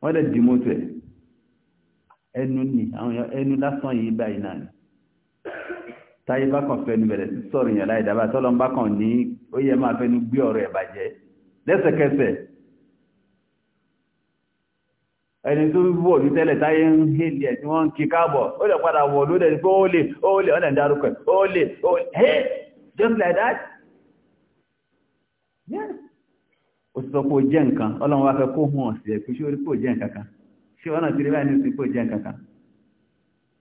wọ́n lè dì mọ́tò ẹ̀ ẹnu ni àwọn ẹnu lásán yìí báyìí náà ni táyé bá kàn fẹnu bẹ̀rẹ̀ sí sọ̀rọ̀ yẹn láì dábàá tọ́lọ́ bá kàn ní ó yẹ máa fẹnu gbé ọ̀rọ̀ ẹ̀ bàjẹ́ lẹ́sẹ̀kẹsẹ̀ ẹni tó ń wò ní tẹ́lẹ̀ táyé ń hélì ẹ̀ tí wọ́n ń kí káàbọ̀ ó lè padà wọ̀ lóde ní pé ó lè ó lè ó lè dárúkọ ó lè ó lè hey just like that ó ti sọ pé ó jẹ́ nǹkan ọlọ́run wá fẹ́ kó hàn sí ẹ̀ pé ṣé ó rí pé ó jẹ́ nǹkan kan ṣé ọ̀nà tí rí báyìí ní ìsìn pé ó jẹ́ nǹkan kan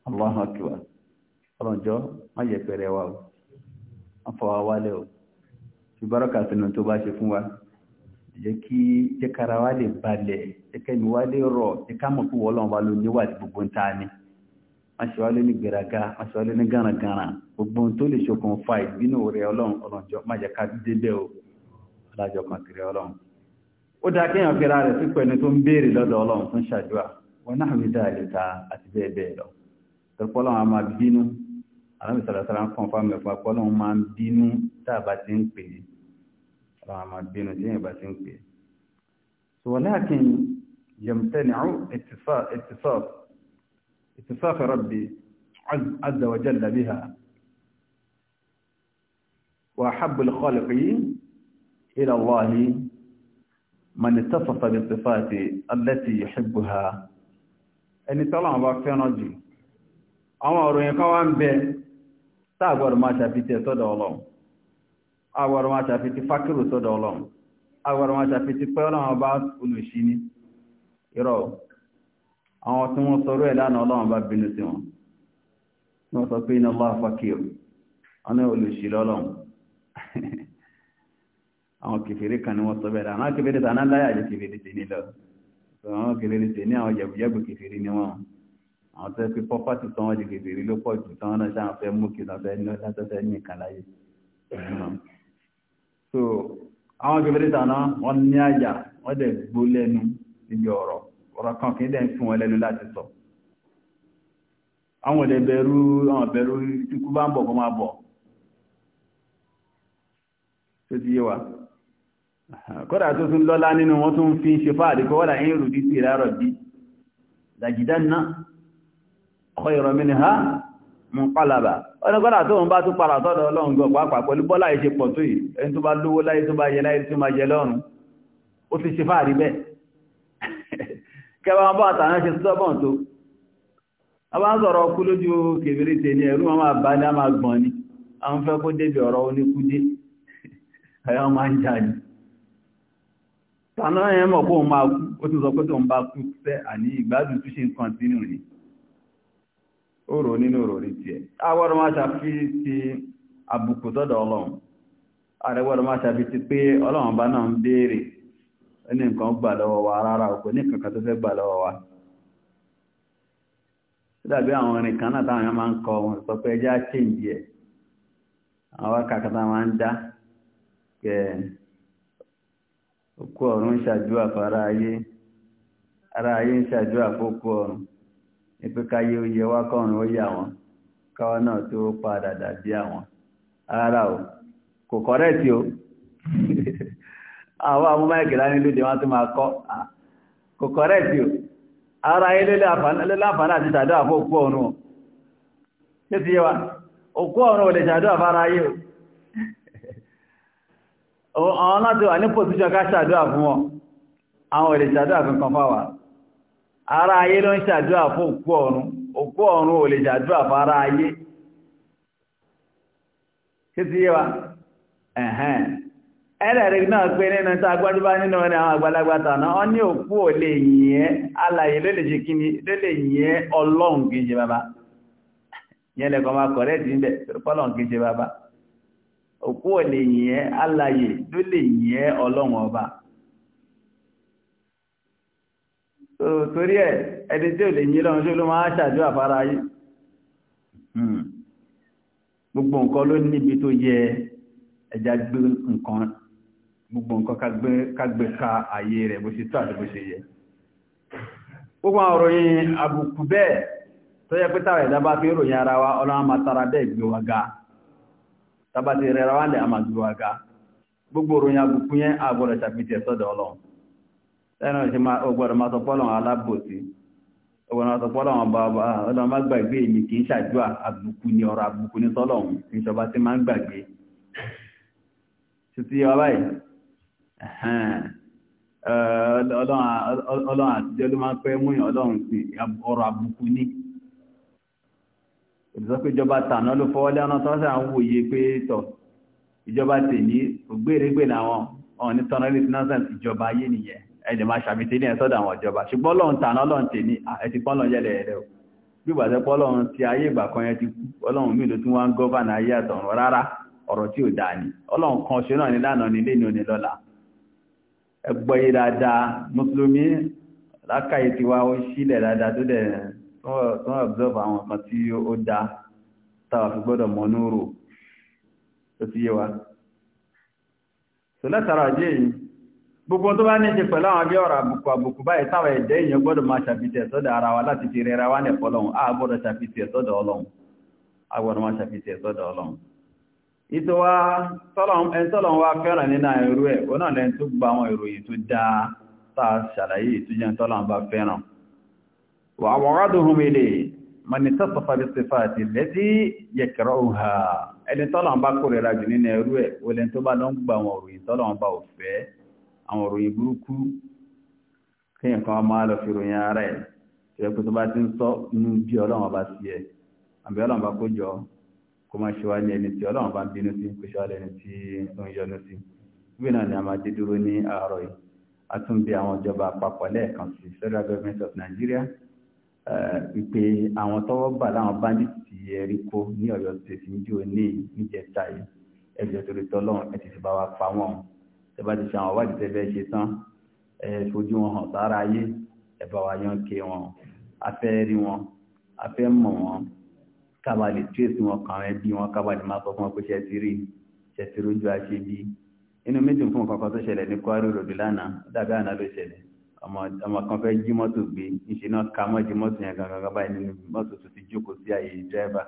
Allahu akbar ọlọ́run jọ má yẹ pẹ̀rẹ̀ wa o wọ́n wa wálẹ̀ o ṣùgbọ́rọ̀kà sínú tó bá ṣe fún wa jẹ́ kí jẹ́kara wa lè balẹ̀ jẹ́kẹ́mi wa lè rọ̀ jẹ́ká mọ̀ fún wọ́lọ́run wa ló níwàdí gbogbo ń ta ni wọ́n ṣe wá lé ní gbèrágá wọ́n ṣe wá lé ní gánragánra gbogbo tó lè ṣokùnfà ìbínú rẹ̀ ọlọ́run ọlọ́run má jẹ́ ká débẹ̀ o lájọ kan kiri ọlọ́run ó dá kéèyàn fira rẹ̀ sípò ẹni tó ń béèrè lọ́dọ̀ ọlọ́run tó ń ṣàdúrà wọn náà rí dáa lè ta àti bẹ́ẹ̀ bẹ́ẹ̀ lọ tọ́pọ́ ọlọ́run a máa bínú alámi sàlàsàlà ń fọ́n fáwọn ẹ̀fọn apọ́ ọlọ́run máa ń bínú tá a bá ti ń pè é ọlọ́run a máa bínú tí èèyàn bá ti ń pè é ṣùgbọ́n láàkín yẹmtẹ́nìú ìtìsáfẹ́ rọ̀bì azza wa jalla biha wa habbul إلى الله من اتصف بالصفات التي يحبها ẹni tọ́lọ̀wọ̀n bá fẹ́ràn jù àwọn òròyìn kan wá ń bẹ táàgbọ̀rọ̀ máa ṣàfitì ẹ̀sọ́dọ̀ ọlọ́run agbọ̀rọ̀ A ṣàfitì fákìrò sọ́dọ̀ ọlọ́run agbọ̀rọ̀ máa àwọn tí wọ́n lánàá ọlọ́run bá bínú sí wọn wọ́n sọ pé iná àwọn kèfèrè kan ni wọ́n sọ bẹ̀rẹ̀ àwọn kèfèrè tàná láyà jẹ́ kèfèrè tèní lọ àwọn kèfèrè tèní àwọn jẹ̀bùjẹ̀bù kèfèrè ni wọ́n àwọn tó fi pọ́pátì tán wọ́n di kèfèrè ló pọ̀ jù tán náà sáà fẹ́ mú kìtàn fẹ́ ní ọjọ́ fẹ́ ní ìkan láyé so àwọn kèfèrè tàná wọ́n ní àyà wọ́n dẹ̀ gbó lẹ́nu níbi ọ̀rọ̀ ọ̀rọ̀ kan kì í dẹ̀ fún wọn lẹ́nu láti ti yé wa kódà tó tún lọ́lá nínú wọn tún fi ń ṣe fáàdì kó wọ́dà ń rùdí sí ìrárọ̀ bí lajidanna khayran ha, munqalaba ọ̀nà kódà tó ń bá tún para sọ́dọ̀ ọlọ́run gan pàápàá pẹ̀lú bọ́lá ìṣe pọ̀ tó yìí ẹni tó bá lówó láyé tó bá yẹ láyé tó máa jẹ lọ́run ó ti ṣe fáàdì bẹ́ẹ̀ kẹwàá bọ́ àtàrà ṣe sọ́bọ̀n tó a bá ń sọ̀rọ̀ kú lójú kèbèrè tè ní a máa gbọ̀n ni a ń tàná ẹ mọ̀ kó máa kú ó tún sọ pé tó ń bá kú fẹ́ àní ìgbádùn tún ni nínú rí tiẹ̀ àwọ̀rọ̀ máa ṣàfi ti àbùkù tọ́dọ̀ ọlọ́run àrẹwọ̀rọ̀ máa ṣàfi ti pé ọlọ́run bá náà ń béèrè nǹkan gbà lọ́wọ́ wa rárá òkú ní tó fẹ́ gbà lọ́wọ́ wa dàbí àwọn kan náà táwọn máa ń okú ọ̀run ń ṣàdúrà fara ayé ara ayé ń ṣàdúrà fókú ọ̀run ní pé káyé ó yẹ wá kọ́run ó yà wọ́n káwọn náà tó padà dàbí àwọn ara o kò kọ́rẹ́ẹ̀tì o àwọn amúmáìkì láni lóde wọn tó máa kọ́ kò kọ́rẹ́ẹ̀tì o ara ayé lélàfàánà àti ṣàdúrà fókú ọ̀run o ṣé ti yẹ wa òkú ọ̀run ò lè ṣàdúrà fara ayé o àwọn láti wà ní pòsíṣọ́ ká ṣàdúwà fún wọn àwọn olè ṣàdúwà fún kan ara ayé ló ń ṣàdúwà fún òkú ọ̀run òkú ọ̀run olè ṣàdúwà fún ara ayé kí ti yé wa náà pé nínú tá agbájúbá nínú ọ̀rẹ́ àwọn àgbàlagbà tàná wọ́n ní òkú ò yìnyẹ́ alàyè ló lè ṣe kí ni ló lè yìnyẹ́ ọlọ́run ṣe bàbá yẹn lẹ́kọ̀ọ́ máa ń bẹ̀ òkú ò lè yìn ẹ́ ló lè yìn ẹ́ ọlọ́run ọba torí ẹ, ẹni tí ò lè yìn lọ́run ṣó ló máa ṣàdúrà fara yìí hmm. gbogbo nǹkan ló níbi tó yẹ ẹja gbé nǹkan gbogbo nǹkan kágbé ka ààyè bó ṣe tó àti bó ṣe yẹ gbogbo àwọn òròyìn àbùkù tó yẹ pé táwọn ẹ̀dá bá fi ń ròyìn ara wa tara bẹ́ẹ̀ gbé wa ga tàbá ti rẹra wá lẹ́ àmàdúwàgá gbogbo òròyìn àbùkù yẹn àgbọ̀rọ̀ ṣàfihàn ẹ̀sọ́dọ̀ ọlọ́run lẹ́nu ìṣe ọgbọ̀rọ̀ máa sọ pọ́lọ̀ alábòsí ọgbọ̀rọ̀ máa sọ pọ́lọ̀ bàbá ọlọ́run má gbàgbé mi kì í ṣàjúà àbùkù ni ọ̀rọ̀ àbùkù ni tọ́lọ̀hún ìṣọba ti máa òtítọ́pẹ́ ìjọba tàná ló fọwọ́ lẹ́nà tó sàn ń wòye pé tọ̀ ìjọba tèmi ògbérégbè làwọn ọ̀n ní tọ́nà ilé finance ìjọba ayé nìyẹn ẹ̀dẹ̀ máa ṣàfihàn ní ẹ̀sọ́dọ̀ àwọn ìjọba ṣùgbọ́n lọ́n tàná lọ́n tèmi ẹ̀tì pọ́n lọ́n yẹlẹ̀ rẹ̀ o bí ìgbàsẹ́ pọ́lọ́run ti ayé ìgbà kan yẹn ti kú ọlọ́run mi ló tún wá ń gọ́vànà ayé àtọ̀run rárá ọ̀rọ̀ tí ò dáa ni ọlọ́run kan ṣe náà ní lánàá nílé ní òní lọ́la ẹgbọ́ yìí dáadáa mùsùlùmí lákàyè tiwa ó sílẹ̀ dáadáa tó dẹ̀ tó ń observe àwọn kan tí ó dá tàwà fi gbọ́dọ̀ mọ̀ núrò tó ti yé wa so látara jẹ́ yìí gbogbo tó bá ní ṣe pẹ̀lú àwọn abẹ́ ọ̀rọ̀ àbùkù àbùkù báyìí táwọn ẹ̀dẹ́ èèyàn gbọ́dọ̀ máa ṣàfihàn sọ́dọ̀ ara wa láti fi rẹra wá nẹ̀fọ́ a gbọ́dọ̀ ṣàfihàn sọ́dọ̀ ọlọ́hun a gbọ́dọ̀ máa ṣàfihàn sọ́dọ̀ ọlọ́hun ìtò wa ẹ̀ntọ́lọ̀ wa fẹ́ràn nínú ẹ̀rú ẹ̀ onáà lẹ́ni tó gba àwọn ìròyìn tó dáa tá وأمرادهم إليه من اتصف بالصفات التي يكرهها ẹni tọ́lọ̀n bá kò rẹ̀ra jù nínú ẹrú ẹ̀ olè tó bá lọ́n gba àwọn òròyìn tọ́lọ̀n bá ò fẹ́ àwọn òròyìn burúkú kíyàn kan máa lọ fi ròyìn ara ẹ̀ tẹ́lẹ̀ pé tó bá ti ń sọ inú bí ọlọ́run bá sí ẹ̀ àbí ọlọ́run bá kó jọ kó máa ṣe wá ní ẹni tí ọlọ́run bá ń bínú sí kó ṣe wá lẹ́ni tí ó ń yọnu sí bí ni a máa dé dúró ní àárọ̀ yìí a tún bí àwọn ìjọba àpapọ̀ lẹ́ẹ̀kan sí federal government of Nigeria Eh, wípé àwọn tọ́wọ́ bà láwọn bandit ti ẹ̀rí kó ní Ọ̀yọ́ tètè ní jò ní níjẹta yìí ẹjọ́ torí tọ́lọ́run ẹ ti sì bá wa pa wọ́n ẹ bá ti ṣe àwọn ìwádìí tẹ́ fẹ́ ṣe tán ẹ fojú wọn hàn sára ayé ẹ bá wa yan ké wọn afẹ́ rí wọn afẹ́ mọ̀ wọn kábà lè tírèsì wọn kàn án bí wọn kábà lè máa sọ fún wọn pé ṣe ti rí ṣe ti rójú àṣebí inú méjì fún kankan tó ṣẹlẹ̀ ní Kwara Road lánàá dàbí àná ló ṣẹlẹ̀ ọmọ kan fẹ́ jí mọ́tò gbé níṣẹ́ náà ka mọ́ jí mọ́tò yẹn gangan gan báyìí nínú mọ́tò tó ti jókòó sí àyè dírẹ́fà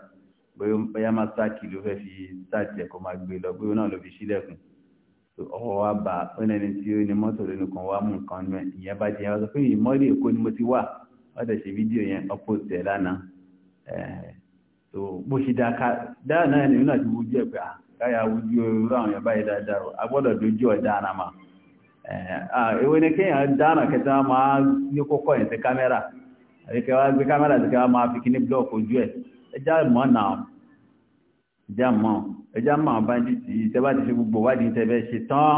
bóyá máa sáàkì ló fẹ́ fi sáàkì ẹ̀ kó máa gbé lọ bóyá náà ló fi sílẹ̀kùn ọwọ́ wa bá ó ní ẹni tí ó ní mọ́tò lónìí kan wá mú nǹkan nù ẹ̀ ìyẹn bá jẹ́ wọ́n sọ pé ìmọ́lẹ̀ èkó ni mo ti wà wọ́n tẹ̀ ṣe fídíò yẹn ọ̀pọ̀tì ẹ̀ lánàá tó bó ṣe dáa ká dáa náà ẹni náà ti wújú ìwé ah, ní kí èèyàn dáná kẹta ma ní kókọ́ ẹ̀ sí kámẹ́rà àríkẹwà gbé kámẹ́rà sí káwà máa fi kí ní blọ́ọ̀kì ojú ẹ̀ ẹjá mọ́ náà ẹjá mọ́ ẹjá mọ́ bá ń dìtì ìtẹ́bá ti fi gbogbo wádìí tẹ́fẹ́ ṣe tán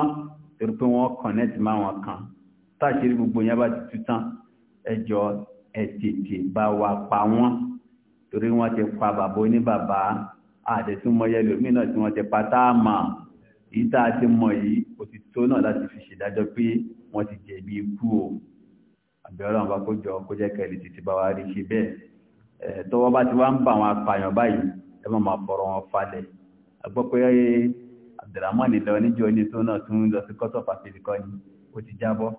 torí pé wọ́n kọ̀nẹ́tì máa wọn kan táṣírí gbogbo yẹn bá ti tú tán ẹjọ́ ẹ tètè bá wa pa wọ́n torí wọ́n ti pa bàbá oníbàbá àdẹ̀túnmọ́yẹ lòmínà tí wọ́n ti pa táàmà ìta àti mọ̀ yìí tó náà láti fi ṣèdájọ́ pé wọ́n ti jẹ̀bi ikú o àbẹ̀rẹ̀ àwọn akójọ kó jẹ́ kẹ́lì títí bá wa rí ṣe bẹ́ẹ̀ tọwọ́ bá ti wá ń bá àwọn apààyàn báyìí ẹ má máa fọ̀rọ̀ wọn falẹ̀ àgbọ́ pé Abdulrahman lọ níjọ ní tó náà tún lọ sí court of appeal kọ́ ni ó ti jábọ́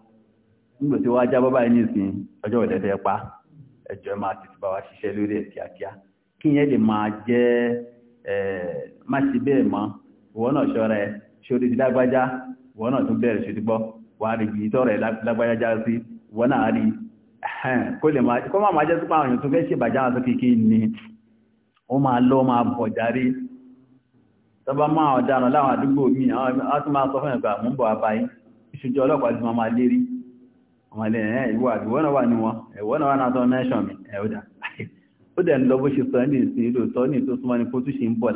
nígbà tí wọ́n á jábọ́ báyìí nísìn ọjọ́ ìdẹ́fẹ́ pa ẹjọ́ máa tètè bá wa ṣiṣẹ́ lórí ẹ̀ kíákíá kí yẹn lè máa jẹ́ má ṣe bẹ́ẹ̀ mọ́ ìwọ náà ṣọ́ra ẹ ṣorí ti dágbájá wọn náà tún bẹ̀rẹ̀ ṣe ti gbọ́ wà á rí ibi tọ́rọ̀ ẹ̀ lágbáyájá sí wọn náà rí kó lè máa kó máa máa jẹ́ sípò àwọn èèyàn tó fẹ́ ṣe ìbàjá àwọn tó kéèké ni ó máa lọ máa bọ̀ járe tọ́ba máa ọ̀daràn láwọn àdúgbò mi àwọn tó máa sọ fún ẹ̀gbà mú bọ̀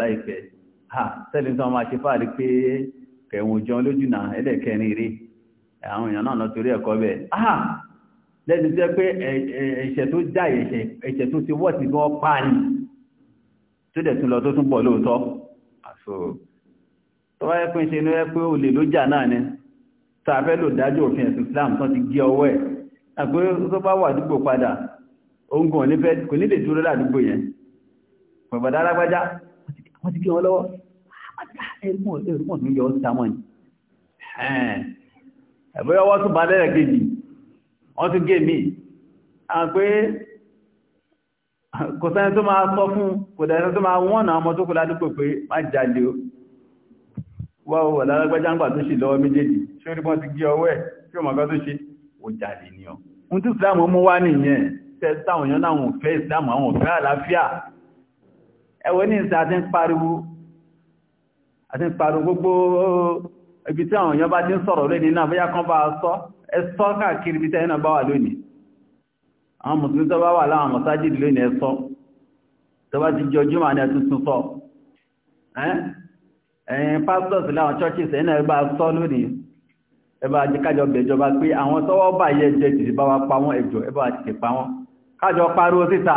abáyé ha tẹ́lẹ̀ tí wọ́n máa kẹwọn jẹun lójú náà ẹlẹ́kẹrin rí àwọn èèyàn náà lọ torí ẹ̀kọ́ bẹ̀ áhà lẹ́nu jẹ́ pé ẹ̀ṣẹ̀ tó já ẹ̀ṣẹ̀ tó ti wọ́ ti gan pa ni tó dẹ̀ tún lọ tó tún bọ̀ lóòótọ́ àṣò tó wáyé pín ṣe inú ẹ pé olè ló jà náà ni tá a fẹ́ lò dájú òfin ẹ̀sìn Islam tán ti gé ọwọ́ ẹ̀ àpé tó bá wà àdúgbò padà oúnjẹ kò ní lè dúró ládùúgbò yẹn pẹ̀bàdá alágbájá wọ́n ti gé wọn lọ́wọ́ ẹ̀rùmọ̀ ẹ̀rùmọ̀ ní yọ ọ́sàmọ̀ ni ẹ̀bọ́yọ́ wọ́n tún bá lẹ́rẹ̀ kejì wọ́n tún gé mi a pé kò sẹ́ni tó máa sọ fún kò dẹ̀ẹ́sẹ́ tó máa wọ́n náà mọ́ tó kò ládùúgbò pé má jalè o wọ́n wọ̀ lárágbájá ń gbà tó ṣe lọ́wọ́ méjèèjì ṣé orí wọ́n ti gé ọwọ́ ẹ̀ tí ó mọ̀ tó ṣe ó jalè ni ọ́ ohun tí Islam mú wá nìyẹn tẹ́ táwọn èèyàn náà wọ́n fẹ́ Islam àwọn òfẹ́ àlàáfíà ẹ̀wọ́ ní ìsìn àti ń pariwo àti ìpàrò gbogbo ibi tí àwọn èèyàn bá ti ń sọ̀rọ̀ lónìí náà bóyá kan bá sọ ẹsọ́ káàkiri ibi tẹ́yìn náà bá wà lónìí àwọn mùsùlùmí tó bá wà láwọn mọ̀sájì lónìí ẹsọ́ tó bá ti jọ jùmọ̀ ní ẹtùtù sọ ẹ̀yìn pastors láwọn churches ẹ̀yìn náà bá sọ lónìí ẹbá kájọ bẹ̀jọba pé àwọn tọ́wọ́ bá yẹ jẹ́ ti bá wa pa wọ́n ẹjọ́ ẹbá ti pa wọ́n kájọ pariwo síta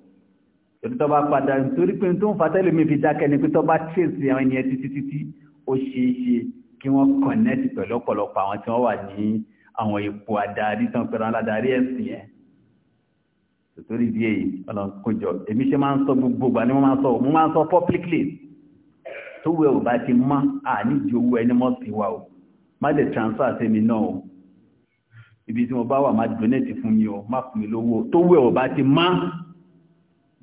torí tó bá padà nítorí pé tó ń fa tẹ́lẹ̀ mi fi dákẹ́ ni pé tó bá tẹ̀sí àwọn ènìyàn títí títí ó ṣeé ṣe kí wọ́n kọ̀nẹ́tì pẹ̀lú ọ̀pọ̀lọpọ̀ àwọn tí wọ́n wà ní àwọn ipò adarí tán pẹ̀lú àwọn adarí ẹ̀sìn yẹn tòtòrí bí èyí ọ̀nà kójọ èmi ṣe máa ń sọ gbogbo ìgbà ni mo máa ń sọ mo máa ń sọ publicly tó wẹ̀ ò bá ti mọ́ àníjì owó ẹni mọ́ sí wa o má dẹ̀ transfer sí mi náà o ibi tí mo bá wà má donate fún mi o má fún mi lówó tó wẹ̀ ò bá ti mọ́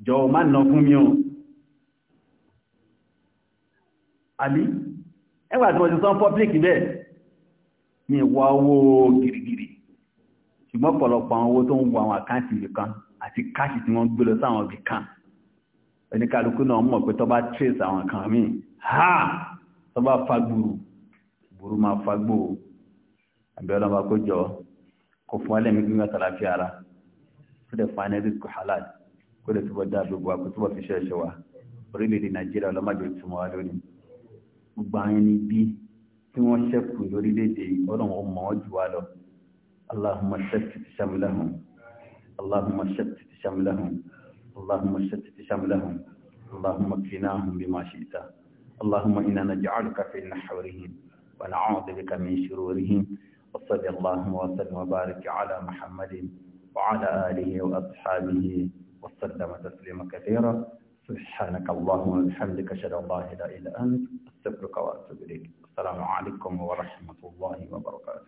jọ̀ọ́ má nà fún mi o àbí ẹgbà tí wọ́n ti sọ public bẹ́ẹ̀ ní ìwà owó gìrìgìrì ṣùgbọ́n pọ̀lọpọ̀ àwọn owó tó ń wọ àwọn àkáǹtì ibì kan àti káṣì tí wọ́n gbé lọ sáwọn ibì kan oníkálukú náà mọ̀ pé tó bá trace àwọn kan míì ha tó bá fagbúrú burú máa fagbó àbí ọlọ́mọ kó jọ kó fún alẹ́mí gbígbà tàlàfíà ara fúdẹ̀ fún anẹ́rí kò halal kó lè túbọ̀ dá gbogbo àpò túbọ̀ fi ṣẹ́ṣẹ́ wa orílẹ̀-èdè nàìjíríà ọlọ́mọdé túmọ̀ wá lónìí gbogbo àwọn ẹni bí tí wọ́n ṣẹ́kù lórílẹ̀-èdè ọlọ́run mọ̀ ọ́ jù wá lọ allahumma shattit shamlahum allahumma shattit shamlahum allahumma shattit shamlahum allahumma kfinahum bima shi'ta allahumma inna naj'aluka fi nahrihim wa na'udhu bika min shururihim وصلى اللهم وسلم وبارك على محمد وعلى آله وأصحابه وسلم تسليما كثيرا سبحانك اللهم وبحمدك اشهد ان لا اله الا انت استغفرك واتوب اليك السلام عليكم ورحمه الله وبركاته